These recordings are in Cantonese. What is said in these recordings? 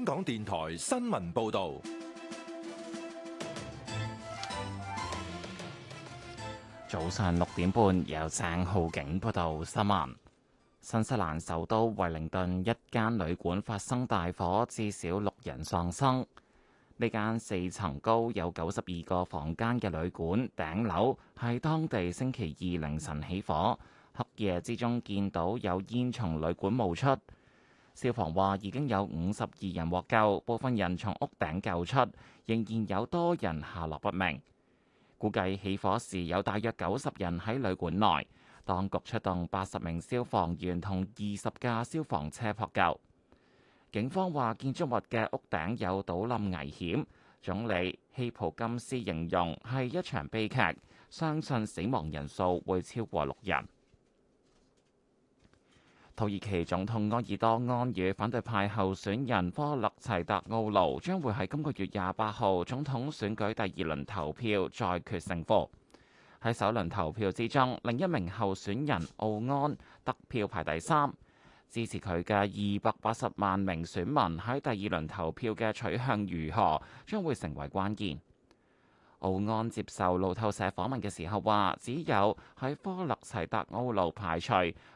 香港電台新聞報道，早上六點半，由鄭浩景報道新聞。新西蘭首都惠靈頓一間旅館發生大火，至少六人喪生。呢間四層高，有九十二個房間嘅旅館，頂樓喺當地星期二凌晨起火，黑夜之中見到有煙從旅館冒出。消防話已經有五十二人獲救，部分人從屋頂救出，仍然有多人下落不明。估計起火時有大約九十人喺旅館內，當局出動八十名消防員同二十架消防車撲救。警方話建築物嘅屋頂有倒冧危險。總理希普金斯形容係一場悲劇，相信死亡人數會超過六人。土耳其總統埃爾多安與反對派候選人科勒齊特奧盧將會喺今個月廿八號總統選舉第二輪投票再決勝負。喺首輪投票之中，另一名候選人奧安得票排第三，支持佢嘅二百八十萬名選民喺第二輪投票嘅取向如何，將會成為關鍵。奧安接受路透社訪問嘅時候話：只有喺科勒齊達奧路排除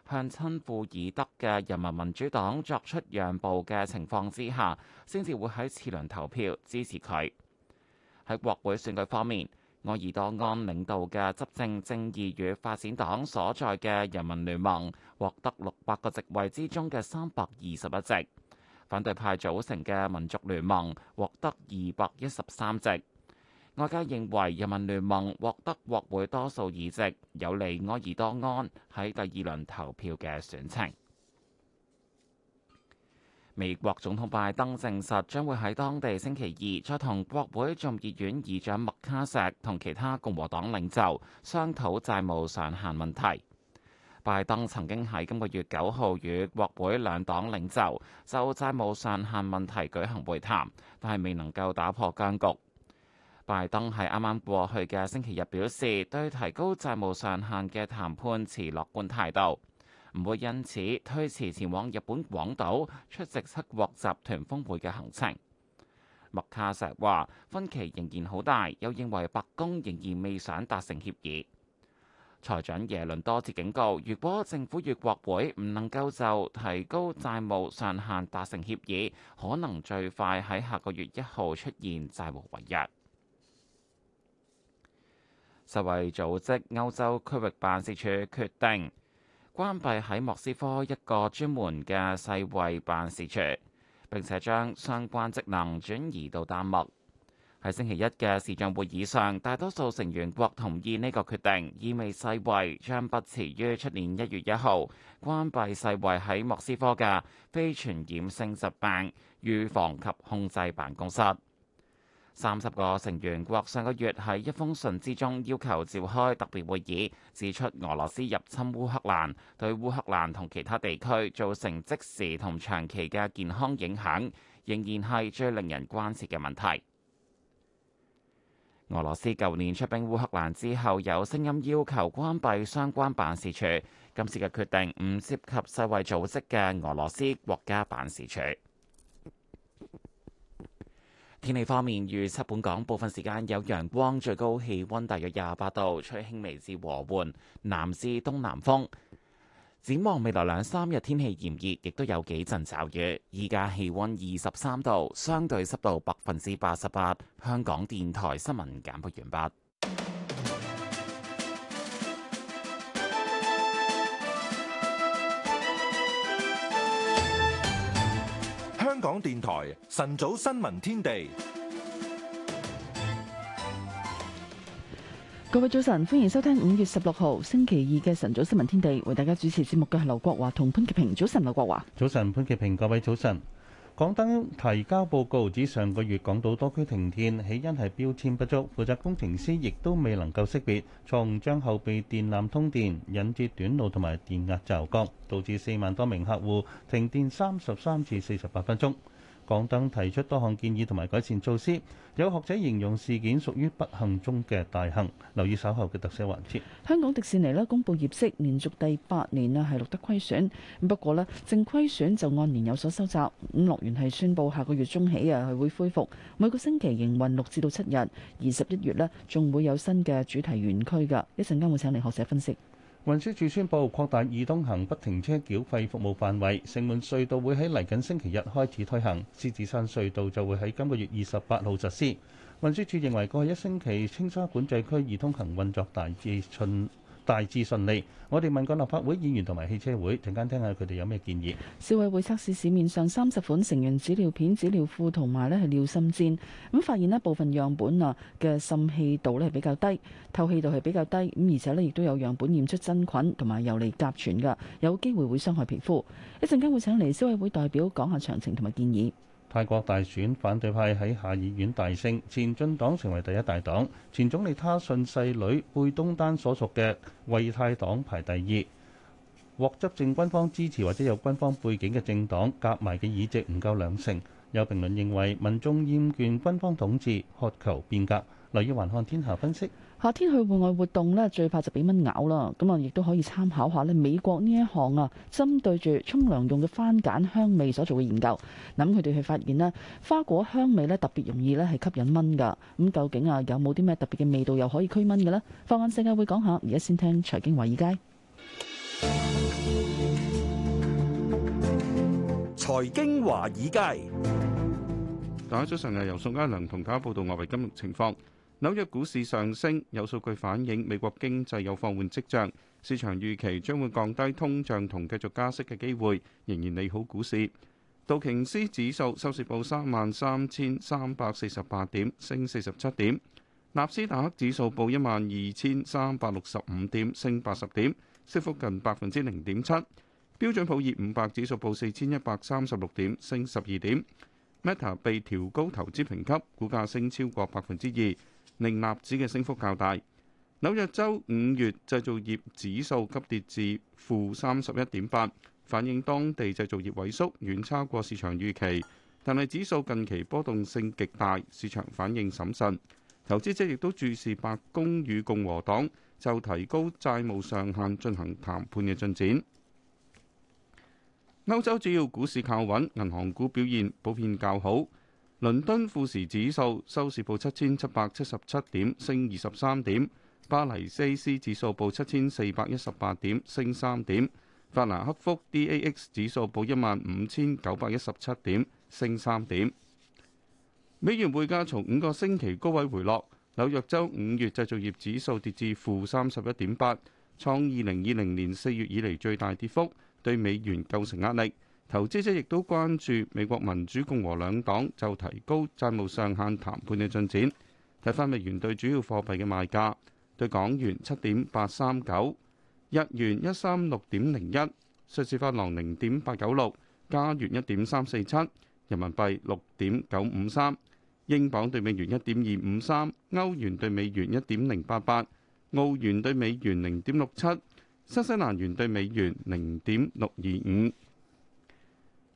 向親庫爾德嘅人民民主黨作出讓步嘅情況之下，先至會喺次輪投票支持佢。喺國會選舉方面，愛爾多安領導嘅執政正義與發展黨所在嘅人民聯盟獲得六百個席位之中嘅三百二十一席，反對派組成嘅民族聯盟獲得二百一十三席。外界認為人民聯盟獲得國會多數議席，有利埃爾多安喺第二輪投票嘅選情。美國總統拜登證實將會喺當地星期二再同國會眾議院議長麥卡錫同其他共和黨領袖商討債務上限問題。拜登曾經喺今個月九號與國會兩黨領袖就債務上限問題舉行會談，但係未能夠打破僵局。拜登喺啱啱過去嘅星期日表示，對提高債務上限嘅談判持樂觀態度，唔會因此推遲前往日本廣島出席七國集團峰會嘅行程。麥卡錫話分歧仍然好大，又認為白宮仍然未想達成協議。財長耶倫多次警告，如果政府與國會唔能夠就提高債務上限達成協議，可能最快喺下個月一號出現債務違約。世衛組織歐洲區域辦事處決定關閉喺莫斯科一個專門嘅世衛辦事處，並且將相關職能轉移到丹麥。喺星期一嘅視像會議上，大多數成員國同意呢個決定，意味世衛將不遲於出年一月一號關閉世衛喺莫斯科嘅非傳染性疾病預防及控制辦公室。三十個成員國上個月喺一封信之中要求召開特別會議，指出俄羅斯入侵烏克蘭對烏克蘭同其他地區造成即時同長期嘅健康影響，仍然係最令人關切嘅問題。俄羅斯舊年出兵烏克蘭之後，有聲音要求關閉相關辦事處。今次嘅決定唔涉及世衛組織嘅俄羅斯國家辦事處。天氣方面，預測本港部分時間有陽光，最高氣溫大約廿八度，吹輕微至和緩南至東南風。展望未來兩三日天氣炎熱，亦都有幾陣驟雨。依家氣溫二十三度，相對濕度百分之八十八。香港電台新聞簡報完畢。港電台晨早新聞天地，各位早晨，歡迎收聽五月十六號星期二嘅晨早新聞天地，為大家主持節目嘅係劉國華同潘潔平。早晨，劉國華。早晨，潘潔平。各位早晨。港燈提交報告指，上個月港島多區停電起因係標籤不足，負責工程師亦都未能夠識別錯誤，將後備電纜通電引致短路同埋電壓驟降，導致四萬多名客戶停電三十三至四十八分鐘。港燈提出多項建議同埋改善措施，有學者形容事件屬於不幸中嘅大幸。留意稍後嘅特色環節。香港迪士尼咧，公布業績，連續第八年啊係錄得虧損。不過咧，正虧損就按年有所收窄。咁樂園係宣布下個月中起啊係會恢復每個星期營運六至到七日。而十一月咧仲會有新嘅主題園區噶。一陣間會請嚟學者分析。運輸署宣布擴大易通行不停車繳費服務範圍，城門隧道會喺嚟緊星期日開始推行，獅子山隧道就會喺今個月二十八號實施。運輸署認為，過去一星期青沙管制區易通行運作大致順。大致順利。我哋問過立法會議員同埋汽車會，陣間聽下佢哋有咩建議。消委會測試市面上三十款成人紙尿片、紙尿褲同埋呢係尿心墊，咁發現呢部分樣本啊嘅滲氣度呢比較低，透氣度係比較低，咁而且呢亦都有樣本驗出真菌同埋游離甲醛嘅，有機會會傷害皮膚。一陣間會請嚟消委會代表講下詳情同埋建議。泰國大選，反對派喺下議院大勝，前進黨成為第一大黨，前總理他信細女貝東丹所屬嘅為泰黨排第二。獲執政軍方支持或者有軍方背景嘅政黨，夾埋嘅議席唔夠兩成。有評論認為民眾厭倦軍方統治，渴求變革。留意環看天下分析。夏天去戶外活動呢，最怕就俾蚊咬啦。咁啊，亦都可以參考下咧，美國呢一行啊，針對住沖涼用嘅番梘香味所做嘅研究，咁佢哋去發現呢，花果香味呢特別容易咧係吸引蚊噶。咁究竟啊，有冇啲咩特別嘅味道又可以驅蚊嘅呢？放眼世界會講下。而家先聽財經華爾街，財經華爾街，爾街，大家早晨，好，由宋嘉倫同大家報道外匯金融情況。紐約股市上升，有數據反映美國經濟有放緩跡象，市場預期將會降低通脹同繼續加息嘅機會，仍然利好股市。道瓊斯指數收市報三萬三千三百四十八點，升四十七點；納斯達克指數報一萬二千三百六十五點，升八十點，升幅近百分之零點七。標準普爾五百指數報四千一百三十六點，升十二點。Meta 被調高投資評級，股價升超過百分之二。令納指嘅升幅較大。紐約州五月製造業指數急跌至負三十一點八，8, 反映當地製造業萎縮遠超過市場預期。但係指數近期波動性極大，市場反應審慎。投資者亦都注視白宮與共和黨就提高債務上限進行談判嘅進展。歐洲主要股市靠穩，銀行股表現普遍較好。倫敦富時指數收市報七千七百七十七點，升二十三點；巴黎 CAC 指數報七千四百一十八點，升三點；法蘭克福 DAX 指數報一萬五千九百一十七點，升三點。美元匯價從五個星期高位回落。紐約州五月製造業指數跌至負三十一點八，8, 創二零二零年四月以嚟最大跌幅，對美元構成壓力。投資者亦都關注美國民主共和兩黨就提高債務上限談判嘅進展。睇返美元對主要貨幣嘅賣價：對港元七點八三九，日元一三六點零一，瑞士法郎零點八九六，加元一點三四七，人民幣六點九五三，英鎊對美元一點二五三，歐元對美元一點零八八，澳元對美元零點六七，新西蘭元對美元零點六二五。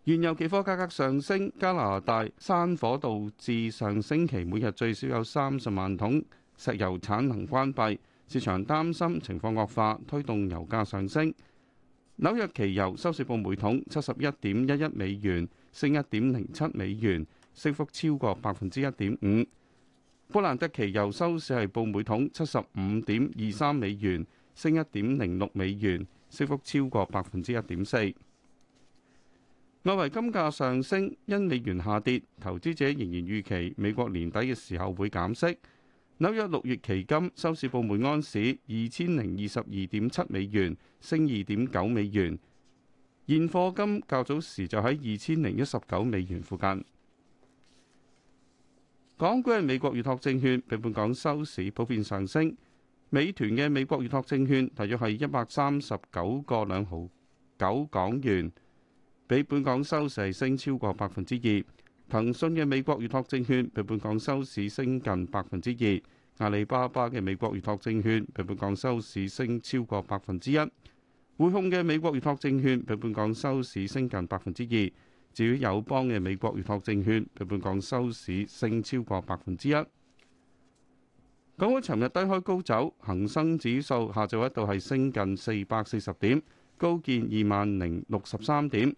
原油期貨價格上升，加拿大山火導致上星期每日最少有三十萬桶石油產能關閉，市場擔心情況惡化，推動油價上升。紐約期油收市報每桶七十一點一一美元，升一點零七美元，升幅超過百分之一點五。布蘭特期油收市係報每桶七十五點二三美元，升一點零六美元，升幅超過百分之一點四。外圍金價上升，因美元下跌，投資者仍然預期美國年底嘅時候會減息。紐約六月期金收市報每安士二千零二十二點七美元，升二點九美元。現貨金較早時就喺二千零一十九美元附近。港股係美國預託證券，比本港收市普遍上升。美團嘅美國預託證券大約係一百三十九個兩毫九港元。比本港收市升超過百分之二，騰訊嘅美國預託證券比本港收市升近百分之二；阿里巴巴嘅美國預託證券比本港收市升超過百分之一；匯控嘅美國預託證券比本港收市升近百分之二；至於友邦嘅美國預託證券比本港收市升超過百分之一。港股尋日低開高走，恒生指數下晝一度係升近四百四十點，高見二萬零六十三點。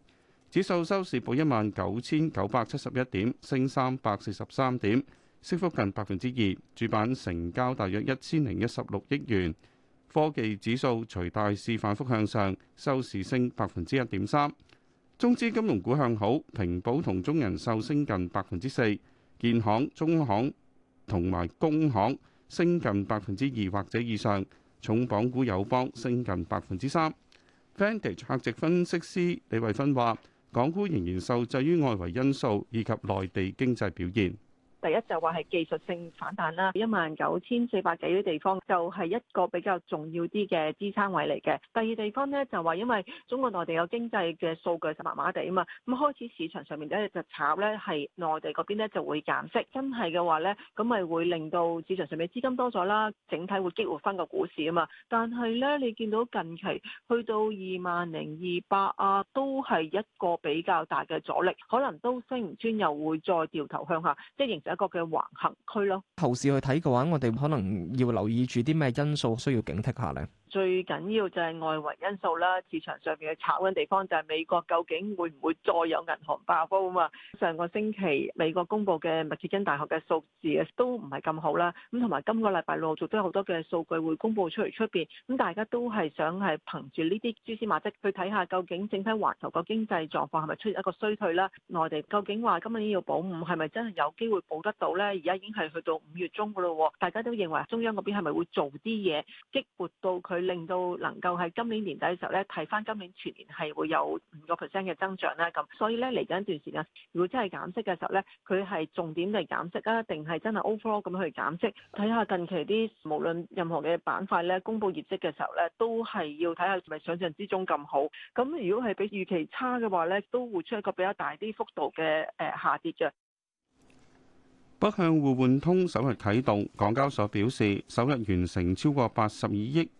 指數收市報一萬九千九百七十一點，升三百四十三點，升幅近百分之二。主板成交大約一千零一十六億元。科技指數隨大市反覆向上，收市升百分之一點三。中資金融股向好，平保同中人壽升近百分之四，建行、中行同埋工行升近百分之二或者以上。重磅股友邦升近百分之三。Vantage 客席分析師李慧芬話。港股仍然受制於外圍因素以及內地經濟表現。第一就話、是、係技術性反彈啦，一萬九千四百幾啲地方就係、是、一個比較重要啲嘅支撐位嚟嘅。第二地方咧就話、是，因為中國內地有經濟嘅數據就麻麻地啊嘛，咁、嗯、開始市場上面咧就炒咧係內地嗰邊咧就會減息，真係嘅話咧咁咪會令到市場上面資金多咗啦，整體會激活翻個股市啊嘛。但係咧你見到近期去到二萬零二百啊，都係一個比較大嘅阻力，可能都升唔穿又會再掉頭向下，即係形一個嘅橫行區咯。後市去睇嘅話，我哋可能要留意住啲咩因素需要警惕下咧？最緊要就係外圍因素啦，市場上面嘅炒嘅地方就係美國究竟會唔會再有銀行爆煲啊嘛？上個星期美國公布嘅密歇根大學嘅數字都唔係咁好啦，咁同埋今個禮拜陸續都有好多嘅數據會公佈出嚟出邊，咁大家都係想係憑住呢啲蛛絲馬跡去睇下究竟整體環球個經濟狀況係咪出現一個衰退啦？內地究竟話今年要保五係咪真係有機會保得到呢？而家已經係去到五月中噶啦喎，大家都認為中央嗰邊係咪會做啲嘢激活到佢？ 令到能夠喺今年年底嘅時候咧，睇翻今年全年係會有五個 percent 嘅增長啦。咁所以咧嚟緊一段時間，如果真係減息嘅時候咧，佢係重點嚟減息啊，定係真係 overall 咁去減息？睇下近期啲無論任何嘅板塊咧，公布業績嘅時候咧，都係要睇下係咪想象之中咁好。咁如果係比預期差嘅話咧，都會出一個比較大啲幅度嘅誒下跌嘅。北向互換通首日啟動，港交所表示首日完成超過八十二億。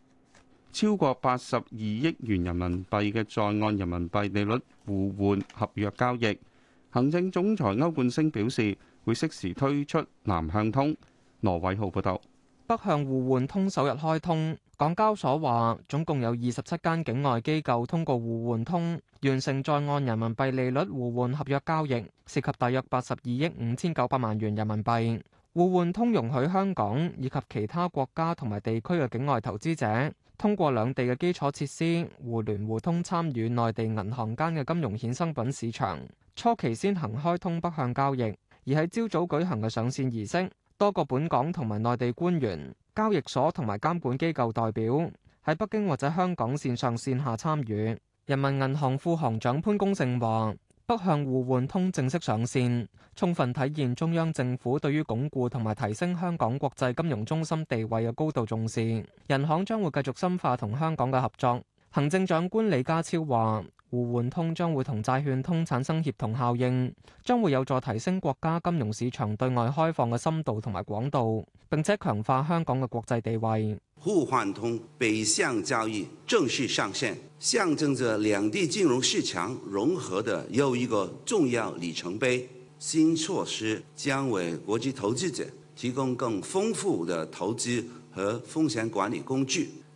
超過八十二億元人民幣嘅在岸人民幣利率互換合約交易。行政總裁歐冠昇表示，會適時推出南向通。羅偉浩報導，北向互換通首日開通，港交所話總共有二十七間境外機構通過互換通完成在岸人民幣利率互換合約交易，涉及大約八十二億五千九百萬元人民幣。互換通容許香港以及其他國家同埋地區嘅境外投資者，通過兩地嘅基礎設施互聯互通，參與內地銀行間嘅金融衍生品市場。初期先行開通北向交易，而喺朝早舉行嘅上線儀式，多個本港同埋內地官員、交易所同埋監管機構代表喺北京或者香港線上線下參與。人民銀行副行長潘功勝話。北向互換通正式上線，充分體現中央政府對於鞏固同埋提升香港國際金融中心地位嘅高度重視。人行將會繼續深化同香港嘅合作。行政長官李家超話。互換通將會同債券通產生協同效應，將會有助提升國家金融市場對外開放嘅深度同埋廣度，並且強化香港嘅國際地位。互換通北向交易正式上線，象徵着兩地金融市場融合的又一個重要里程碑。新措施將為國際投資者提供更豐富嘅投資和風險管理工具。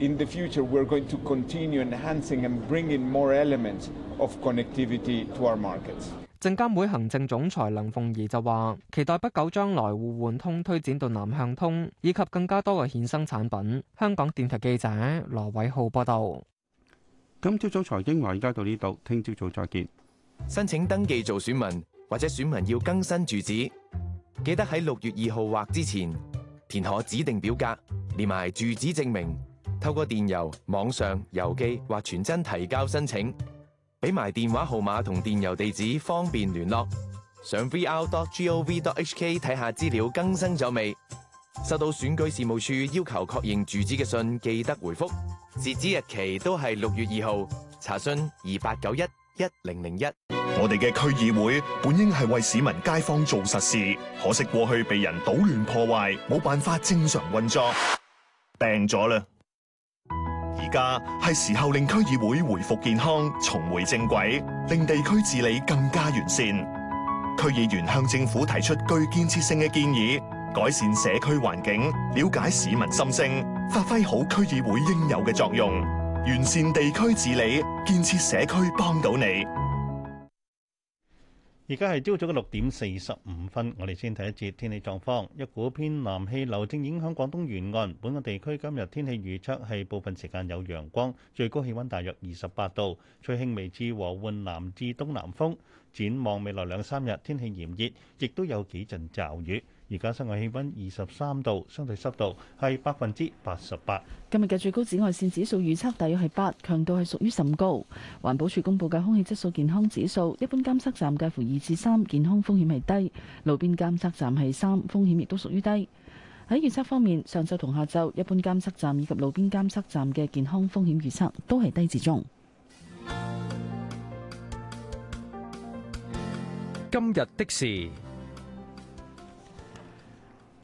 In the future, we're going to continue enhancing and bring in more elements of connectivity to our markets。證監會行政總裁林鳳儀就話，期待不久將來互換通推展到南向通，以及更加多嘅衍生產品。香港電台記者羅偉浩報道。今朝早財經話而家到呢度，聽朝早再見。申請登記做選民或者選民要更新住址，記得喺六月二號或之前填妥指定表格，連埋住址證明。透過電郵、網上郵寄或傳真提交申請，俾埋電話號碼同電郵地址，方便聯絡。上 vr.gov.hk 睇下資料更新咗未？收到選舉事務處要求確認住址嘅信，記得回覆。截止日期都係六月二號。查詢二八九一一零零一。我哋嘅區議會本應係為市民街坊做實事，可惜過去被人搗亂破壞，冇辦法正常運作，病咗啦。而家係時候令區議會恢復健康，重回正軌，令地區治理更加完善。區議員向政府提出具建設性嘅建議，改善社區環境，了解市民心聲，發揮好區議會應有嘅作用，完善地區治理，建設社區，幫到你。而家係朝早嘅六點四十五分，我哋先睇一節天氣狀況。一股偏南氣流正影響廣東沿岸，本港地區今日天氣預測係部分時間有陽光，最高氣溫大約二十八度，吹輕微至和緩南至東南風。展望未來兩三日，天氣炎熱，亦都有幾陣驟雨。而家室外氣溫二十三度，相對濕度係百分之八十八。今日嘅最高紫外線指數預測大約係八，強度係屬於甚高。環保署公布嘅空氣質素健康指數，一般監測站介乎二至三，健康風險係低；路邊監測站係三，風險亦都屬於低。喺預測方面，上晝同下晝一般監測站以及路邊監測站嘅健康風險預測都係低至中。今日的事。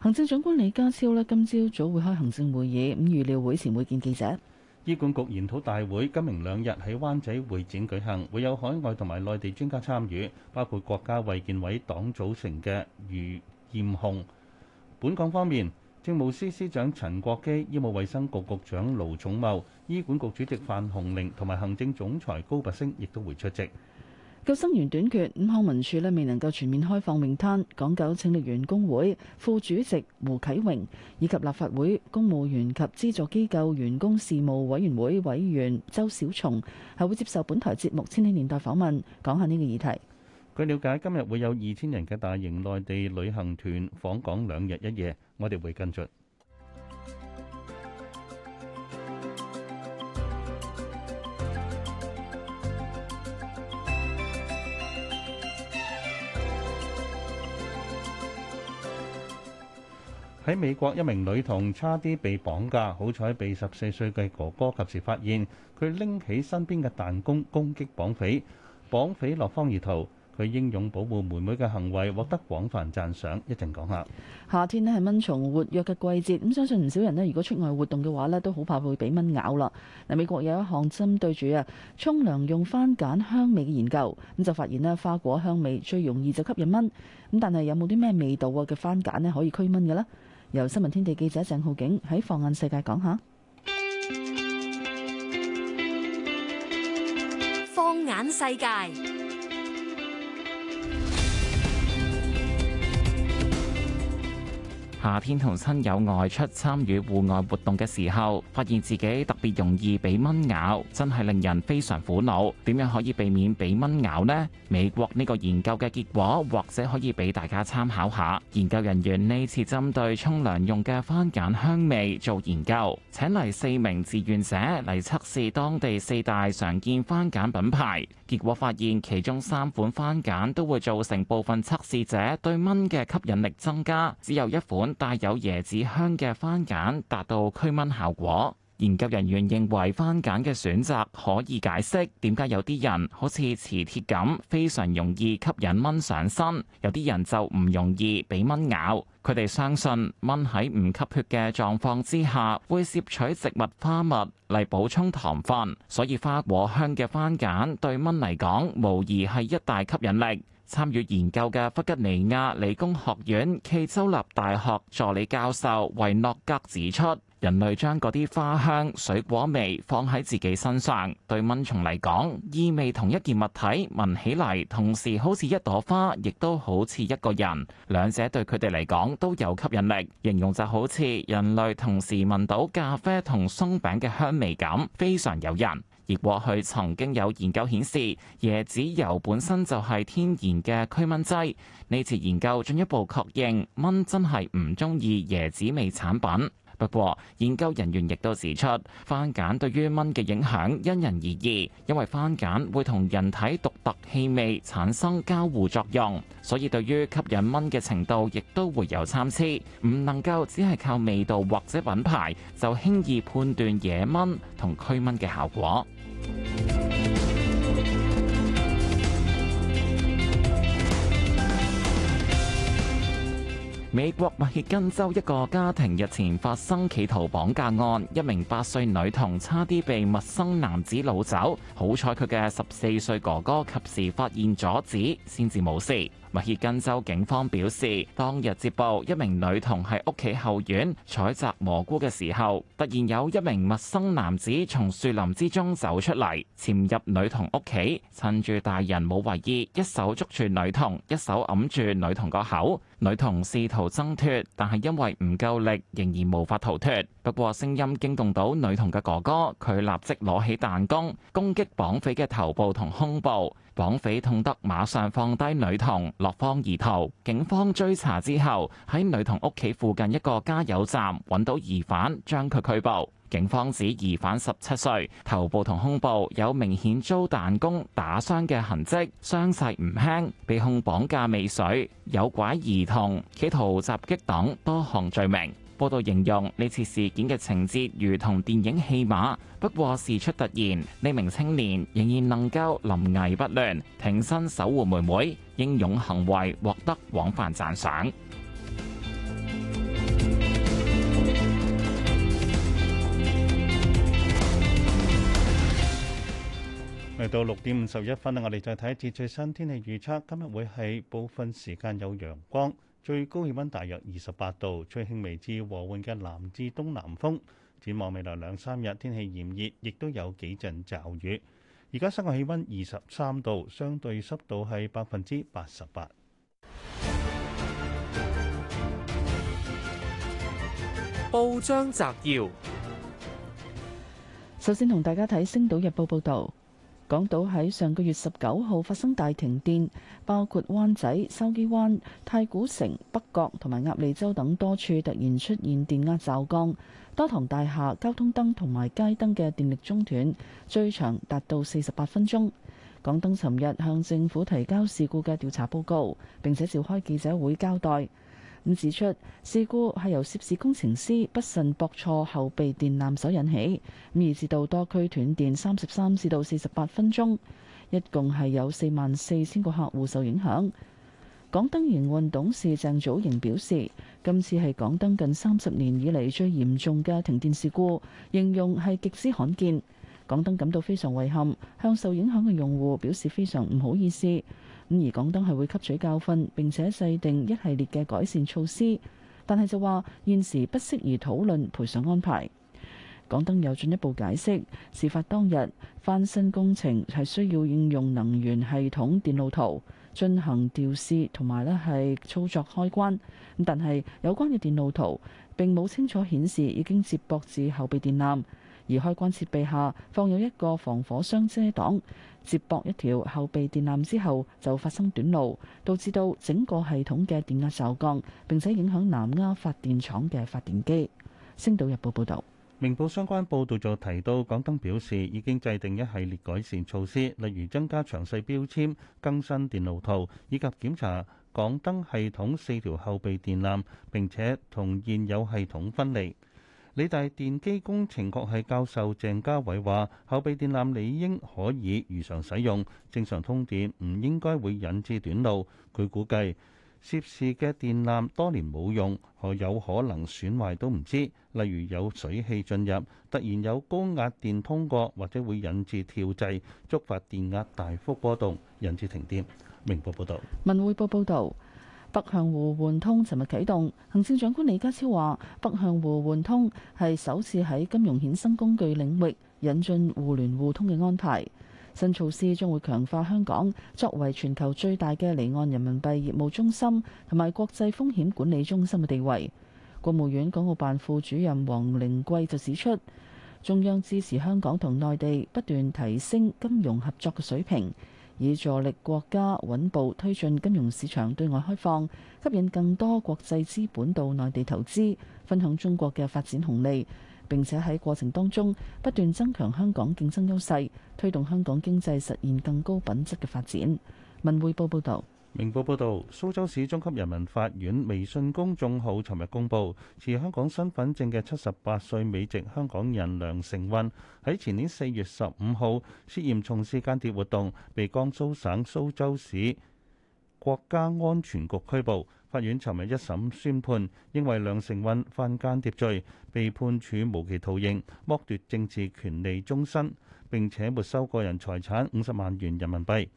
行政長官李家超咧今朝早會開行政會議，咁預料會前會見記者。醫管局研討大會今明兩日喺灣仔會展舉行，會有海外同埋內地專家參與，包括國家衛健委黨組成嘅余艷紅。本港方面，政務司司長陳國基、醫務衛生局局長盧寵茂、醫管局主席范鴻齡同埋行政總裁高拔陞亦都會出席。救生員短缺，五康文署呢未能夠全面開放泳灘，港九請力員工會副主席胡啟榮以及立法會公務員及資助機構員工事務委員會委員周小松係會接受本台節目《千禧年代》訪問，講下呢個議題。據了解，今日會有二千人嘅大型內地旅行團訪港兩日一夜，我哋會跟進。喺美國，一名女童差啲被綁架，好彩被十四歲嘅哥哥及時發現。佢拎起身邊嘅彈弓攻擊綁匪，綁匪落荒而逃。佢英勇保護妹妹嘅行為獲得廣泛讚賞。一陣講下夏天呢係蚊蟲活躍嘅季節，咁相信唔少人呢，如果出外活動嘅話呢都好怕會俾蚊咬啦。嗱，美國有一項針對住啊沖涼用番梘香味嘅研究，咁就發現呢，花果香味最容易就吸引蚊咁，但係有冇啲咩味道嘅番梘呢可以驅蚊嘅呢？由新聞天地記者鄭浩景喺放眼世界講下，放眼世界。夏天同親友外出參與戶外活動嘅時候，發現自己特別容易被蚊咬，真係令人非常苦惱。點樣可以避免被蚊咬呢？美國呢個研究嘅結果，或者可以俾大家參考下。研究人員呢次針對沖涼用嘅番梘香味做研究，請嚟四名志願者嚟測試當地四大常見番梘品牌，結果發現其中三款番梘都會造成部分測試者對蚊嘅吸引力增加，只有一款帶有椰子香嘅番梘達到驅蚊效果。研究人員認為番梘嘅選擇可以解釋點解有啲人好似磁鐵咁，非常容易吸引蚊上身；有啲人就唔容易畀蚊咬。佢哋相信蚊喺唔吸血嘅狀況之下，會攝取植物花蜜嚟補充糖分，所以花果香嘅番梘對蚊嚟講，無疑係一大吸引力。參與研究嘅弗吉尼亞理工學院暨州立大學助理教授維諾格指出，人類將嗰啲花香、水果味放喺自己身上，對蚊蟲嚟講，意味同一件物體聞起嚟，同時好似一朵花，亦都好似一個人，兩者對佢哋嚟講都有吸引力。形容就好似人類同時聞到咖啡同鬆餅嘅香味噉，非常誘人。而過去曾經有研究顯示，椰子油本身就係天然嘅驅蚊劑。呢次研究進一步確認，蚊真係唔中意椰子味產品。不過，研究人員亦都指出，番梘對於蚊嘅影響因人而異，因為番梘會同人體獨特氣味產生交互作用，所以對於吸引蚊嘅程度亦都會有參差，唔能夠只係靠味道或者品牌就輕易判斷惹蚊同驅蚊嘅效果。美國密歇根州一個家庭日前發生企圖綁架案，一名八歲女童差啲被陌生男子擄走，好彩佢嘅十四歲哥哥及時發現阻止，先至冇事。密歇根州警方表示，當日接報一名女童喺屋企後院採摘蘑菇嘅時候，突然有一名陌生男子從樹林之中走出嚟，潛入女童屋企，趁住大人冇為意，一手捉住女童，一手揞住女童個口。女童試圖掙脫，但係因為唔夠力，仍然無法逃脫。不過聲音驚動到女童嘅哥哥，佢立即攞起彈弓攻擊綁匪嘅頭部同胸部。綁匪痛得馬上放低女童落荒而逃，警方追查之後喺女童屋企附近一個加油站搵到疑犯，將佢拘捕。警方指疑犯十七歲，頭部同胸部有明顯遭彈弓打傷嘅痕跡，傷勢唔輕，被控綁架未遂、誘拐兒童、企圖襲擊，擊等多項罪名。報道形容呢次事件嘅情節如同電影戲碼，不過事出突然，呢名青年仍然能夠臨危不亂，挺身守護妹妹，英勇行為獲得廣泛讚賞。嚟到六點五十一分，我哋再睇一次最新天氣預測，今日會喺部分時間有陽光。最高氣溫大約二十八度，吹輕微至和緩嘅南至東南風。展望未來兩三日，天氣炎熱，亦都有幾陣驟雨。而家室外氣溫二十三度，相對濕度係百分之八十八。報章摘要，首先同大家睇《星島日報》報道。港島喺上個月十九號發生大停電，包括灣仔、筲箕灣、太古城、北角同埋鴨脷洲等多處突然出現電壓驟降，多幢大廈、交通燈同埋街燈嘅電力中斷，最長達到四十八分鐘。港燈尋日向政府提交事故嘅調查報告，並且召開記者會交代。咁指出事故係由涉事工程師不慎駁錯後備電纜所引起，咁而至到多區斷電三十三至到四十八分鐘，一共係有四萬四千個客戶受影響，港燈營運董事鄭祖瑩表示，今次係港燈近三十年以嚟最嚴重嘅停電事故，形容係極之罕見，港燈感到非常遺憾，向受影響嘅用戶表示非常唔好意思。而港燈係會吸取教訓，並且制定一系列嘅改善措施，但係就話現時不適宜討論賠償安排。港燈有進一步解釋，事發當日翻新工程係需要應用能源系統電路圖進行調試，同埋呢係操作開關。但係有關嘅電路圖並冇清楚顯示已經接駁至後備電纜，而開關設備下放有一個防火箱遮擋。接駁一條後備電纜之後，就發生短路，導致到整個系統嘅電壓驟降，並且影響南丫發電廠嘅發電機。星島日報報導，明報相關報導就提到，港燈表示已經制定一系列改善措施，例如增加詳細標籤、更新電路圖以及檢查港燈系統四條後備電纜，並且同現有系統分離。理大電機工程學系教授鄭家偉話：後備電纜理應可以如常使用，正常通電，唔應該會引致短路。佢估計涉事嘅電纜多年冇用，可有可能損壞都唔知。例如有水汽進入，突然有高壓電通過，或者會引致跳掣，觸發電壓大幅波動，引致停電。明報報道。文匯報報導。北向互換通尋日啟動，行政長官李家超話：北向互換通係首次喺金融衍生工具領域引進互聯互通嘅安排。新措施將會強化香港作為全球最大嘅離岸人民幣業務中心同埋國際風險管理中心嘅地位。國務院港澳辦副主任王靈桂就指出，中央支持香港同內地不斷提升金融合作嘅水平。以助力國家穩步推進金融市場對外開放，吸引更多國際資本到內地投資，分享中國嘅發展紅利，並且喺過程當中不斷增強香港競爭優勢，推動香港經濟實現更高品質嘅發展。文匯報報導。明報報導，蘇州市中級人民法院微信公眾號尋日公佈，持香港身份證嘅七十八歲美籍香港人梁成運，喺前年四月十五號涉嫌從事間諜活動，被江蘇省蘇州市國家安全局拘捕。法院尋日一審宣判，認為梁成運犯間諜罪，被判處無期徒刑，剝奪政治權利終身，並且沒收個人財產五十萬元人民幣。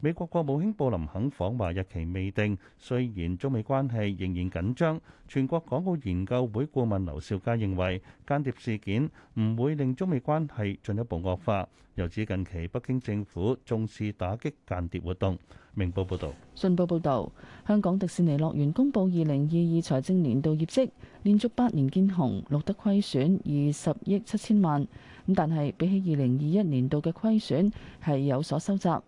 美國國務卿布林肯訪華日期未定，雖然中美關係仍然緊張。全國港澳研究會顧問劉兆佳認為，間諜事件唔會令中美關係進一步惡化。又指近期北京政府重視打擊間諜活動。明報報導，信報報導，香港迪士尼樂園公布二零二二財政年度業績，連續八年見紅，錄得虧損二十億七千萬。咁但係比起二零二一年度嘅虧損係有所收窄。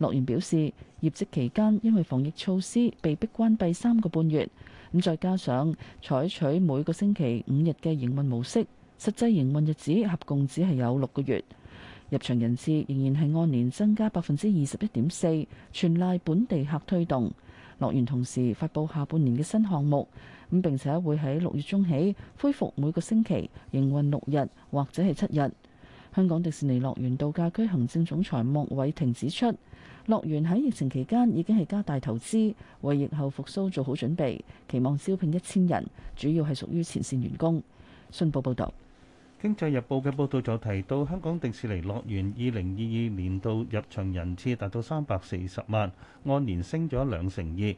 樂園表示，業績期間因為防疫措施被逼關閉三個半月，咁再加上採取每個星期五日嘅營運模式，實際營運日子合共只係有六個月。入場人次仍然係按年增加百分之二十一點四，全賴本地客推動。樂園同時發布下半年嘅新項目，咁並且會喺六月中起恢復每個星期營運六日或者係七日。香港迪士尼樂園度假區行政總裁莫偉庭指出。樂園喺疫情期間已經係加大投資，為疫後復甦做好準備，期望招聘一千人，主要係屬於前線員工。信報報道，《經濟日報》嘅報導就提到，香港迪士尼樂園二零二二年度入場人次達到三百四十萬，按年升咗兩成二。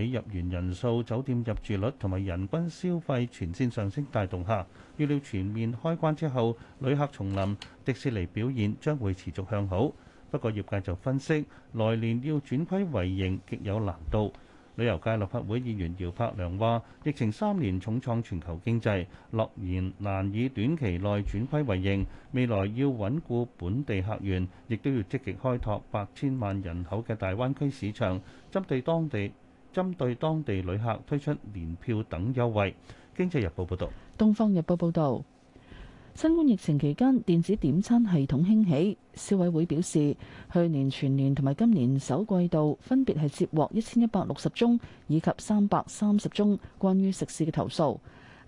喺入園人數、酒店入住率同埋人均消費全線上升帶動下，預料全面開關之後，旅客重臨迪士尼，表現將會持續向好。不過，業界就分析，來年要轉虧為盈極有難度。旅遊界立法會議員姚柏良話，疫情三年重創全球經濟，樂園難以短期內轉虧為盈。未來要穩固本地客源，亦都要積極開拓八千萬人口嘅大灣區市場，針對當地針對當地旅客推出年票等優惠。經濟日報報導，東方日報報導。新冠疫情期間，電子點餐系統興起，消委會表示，去年全年同埋今年首季度分別係接獲一千一百六十宗以及三百三十宗關於食肆嘅投訴。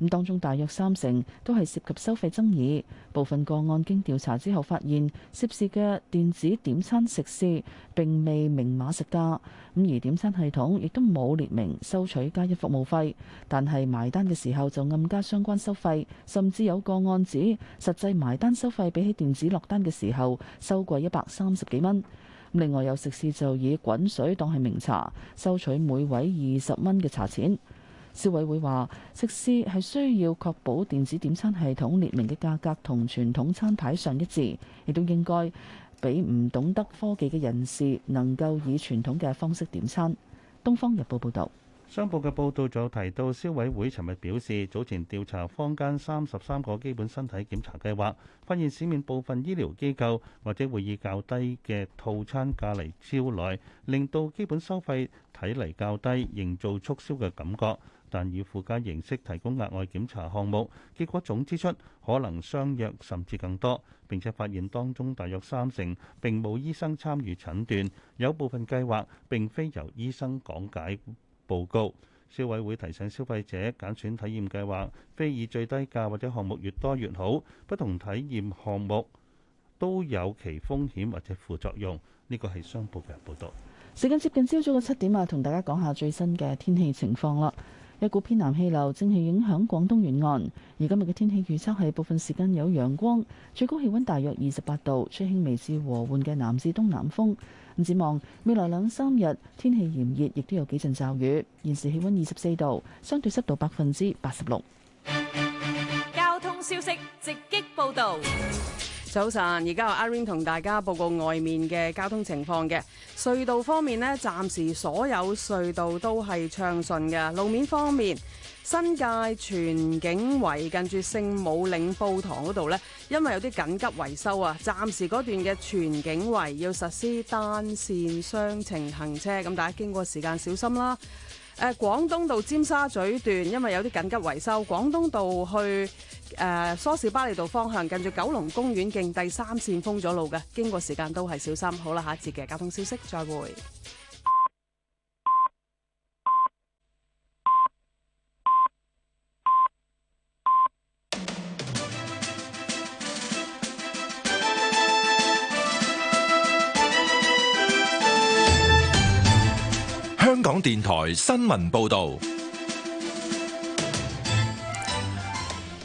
咁當中大約三成都係涉及收費爭議，部分個案經調查之後發現，涉事嘅電子點餐食肆並未明碼實價，咁而點餐系統亦都冇列明收取加一服務費，但係埋單嘅時候就暗加相關收費，甚至有個案指實際埋單收費比起電子落單嘅時候收貴一百三十幾蚊。另外有食肆就以滾水當係名茶，收取每位二十蚊嘅茶錢。消委會話，食肆係需要確保電子點餐系統列明嘅價格同傳統餐牌上一致，亦都應該俾唔懂得科技嘅人士能夠以傳統嘅方式點餐。《東方日報》報道，商報嘅報道仲提到，消委會尋日表示，早前調查坊間三十三個基本身體檢查計劃，發現市面部分醫療機構或者會以較低嘅套餐價嚟招來，令到基本收費睇嚟較低，營造促銷嘅感覺。但以附加形式提供額外檢查項目，結果總支出可能相若甚至更多。並且發現當中大約三成並冇醫生參與診斷，有部分計劃並非由醫生講解報告。消委會提醒消費者揀選體驗計劃，非以最低價或者項目越多越好。不同體驗項目都有其風險或者副作用。呢個係商報嘅報道。時間接近朝早嘅七點啊，同大家講下最新嘅天氣情況啦。一股偏南氣流正係影響廣東沿岸。而今日嘅天氣預測係部分時間有陽光，最高氣温大約二十八度，吹輕微至和緩嘅南至東南風。唔，展望未來兩三日天氣炎熱，亦都有幾陣驟雨。現時氣温二十四度，相對濕度百分之八十六。交通消息直擊報導。早晨，而家阿阿 Ring 同大家報告外面嘅交通情況嘅，隧道方面呢，暫時所有隧道都係暢順嘅。路面方面，新界全景圍近住聖母領報堂嗰度呢，因為有啲緊急維修啊，暫時嗰段嘅全景圍要實施單線雙程行車，咁大家經過時間小心啦。誒廣東道尖沙咀段，因為有啲緊急維修，廣東道去誒梳士巴利道方向，近住九龍公園徑第三線封咗路嘅，經過時間都係小心。好啦，下一節嘅交通消息，再會。香港電台新聞報道，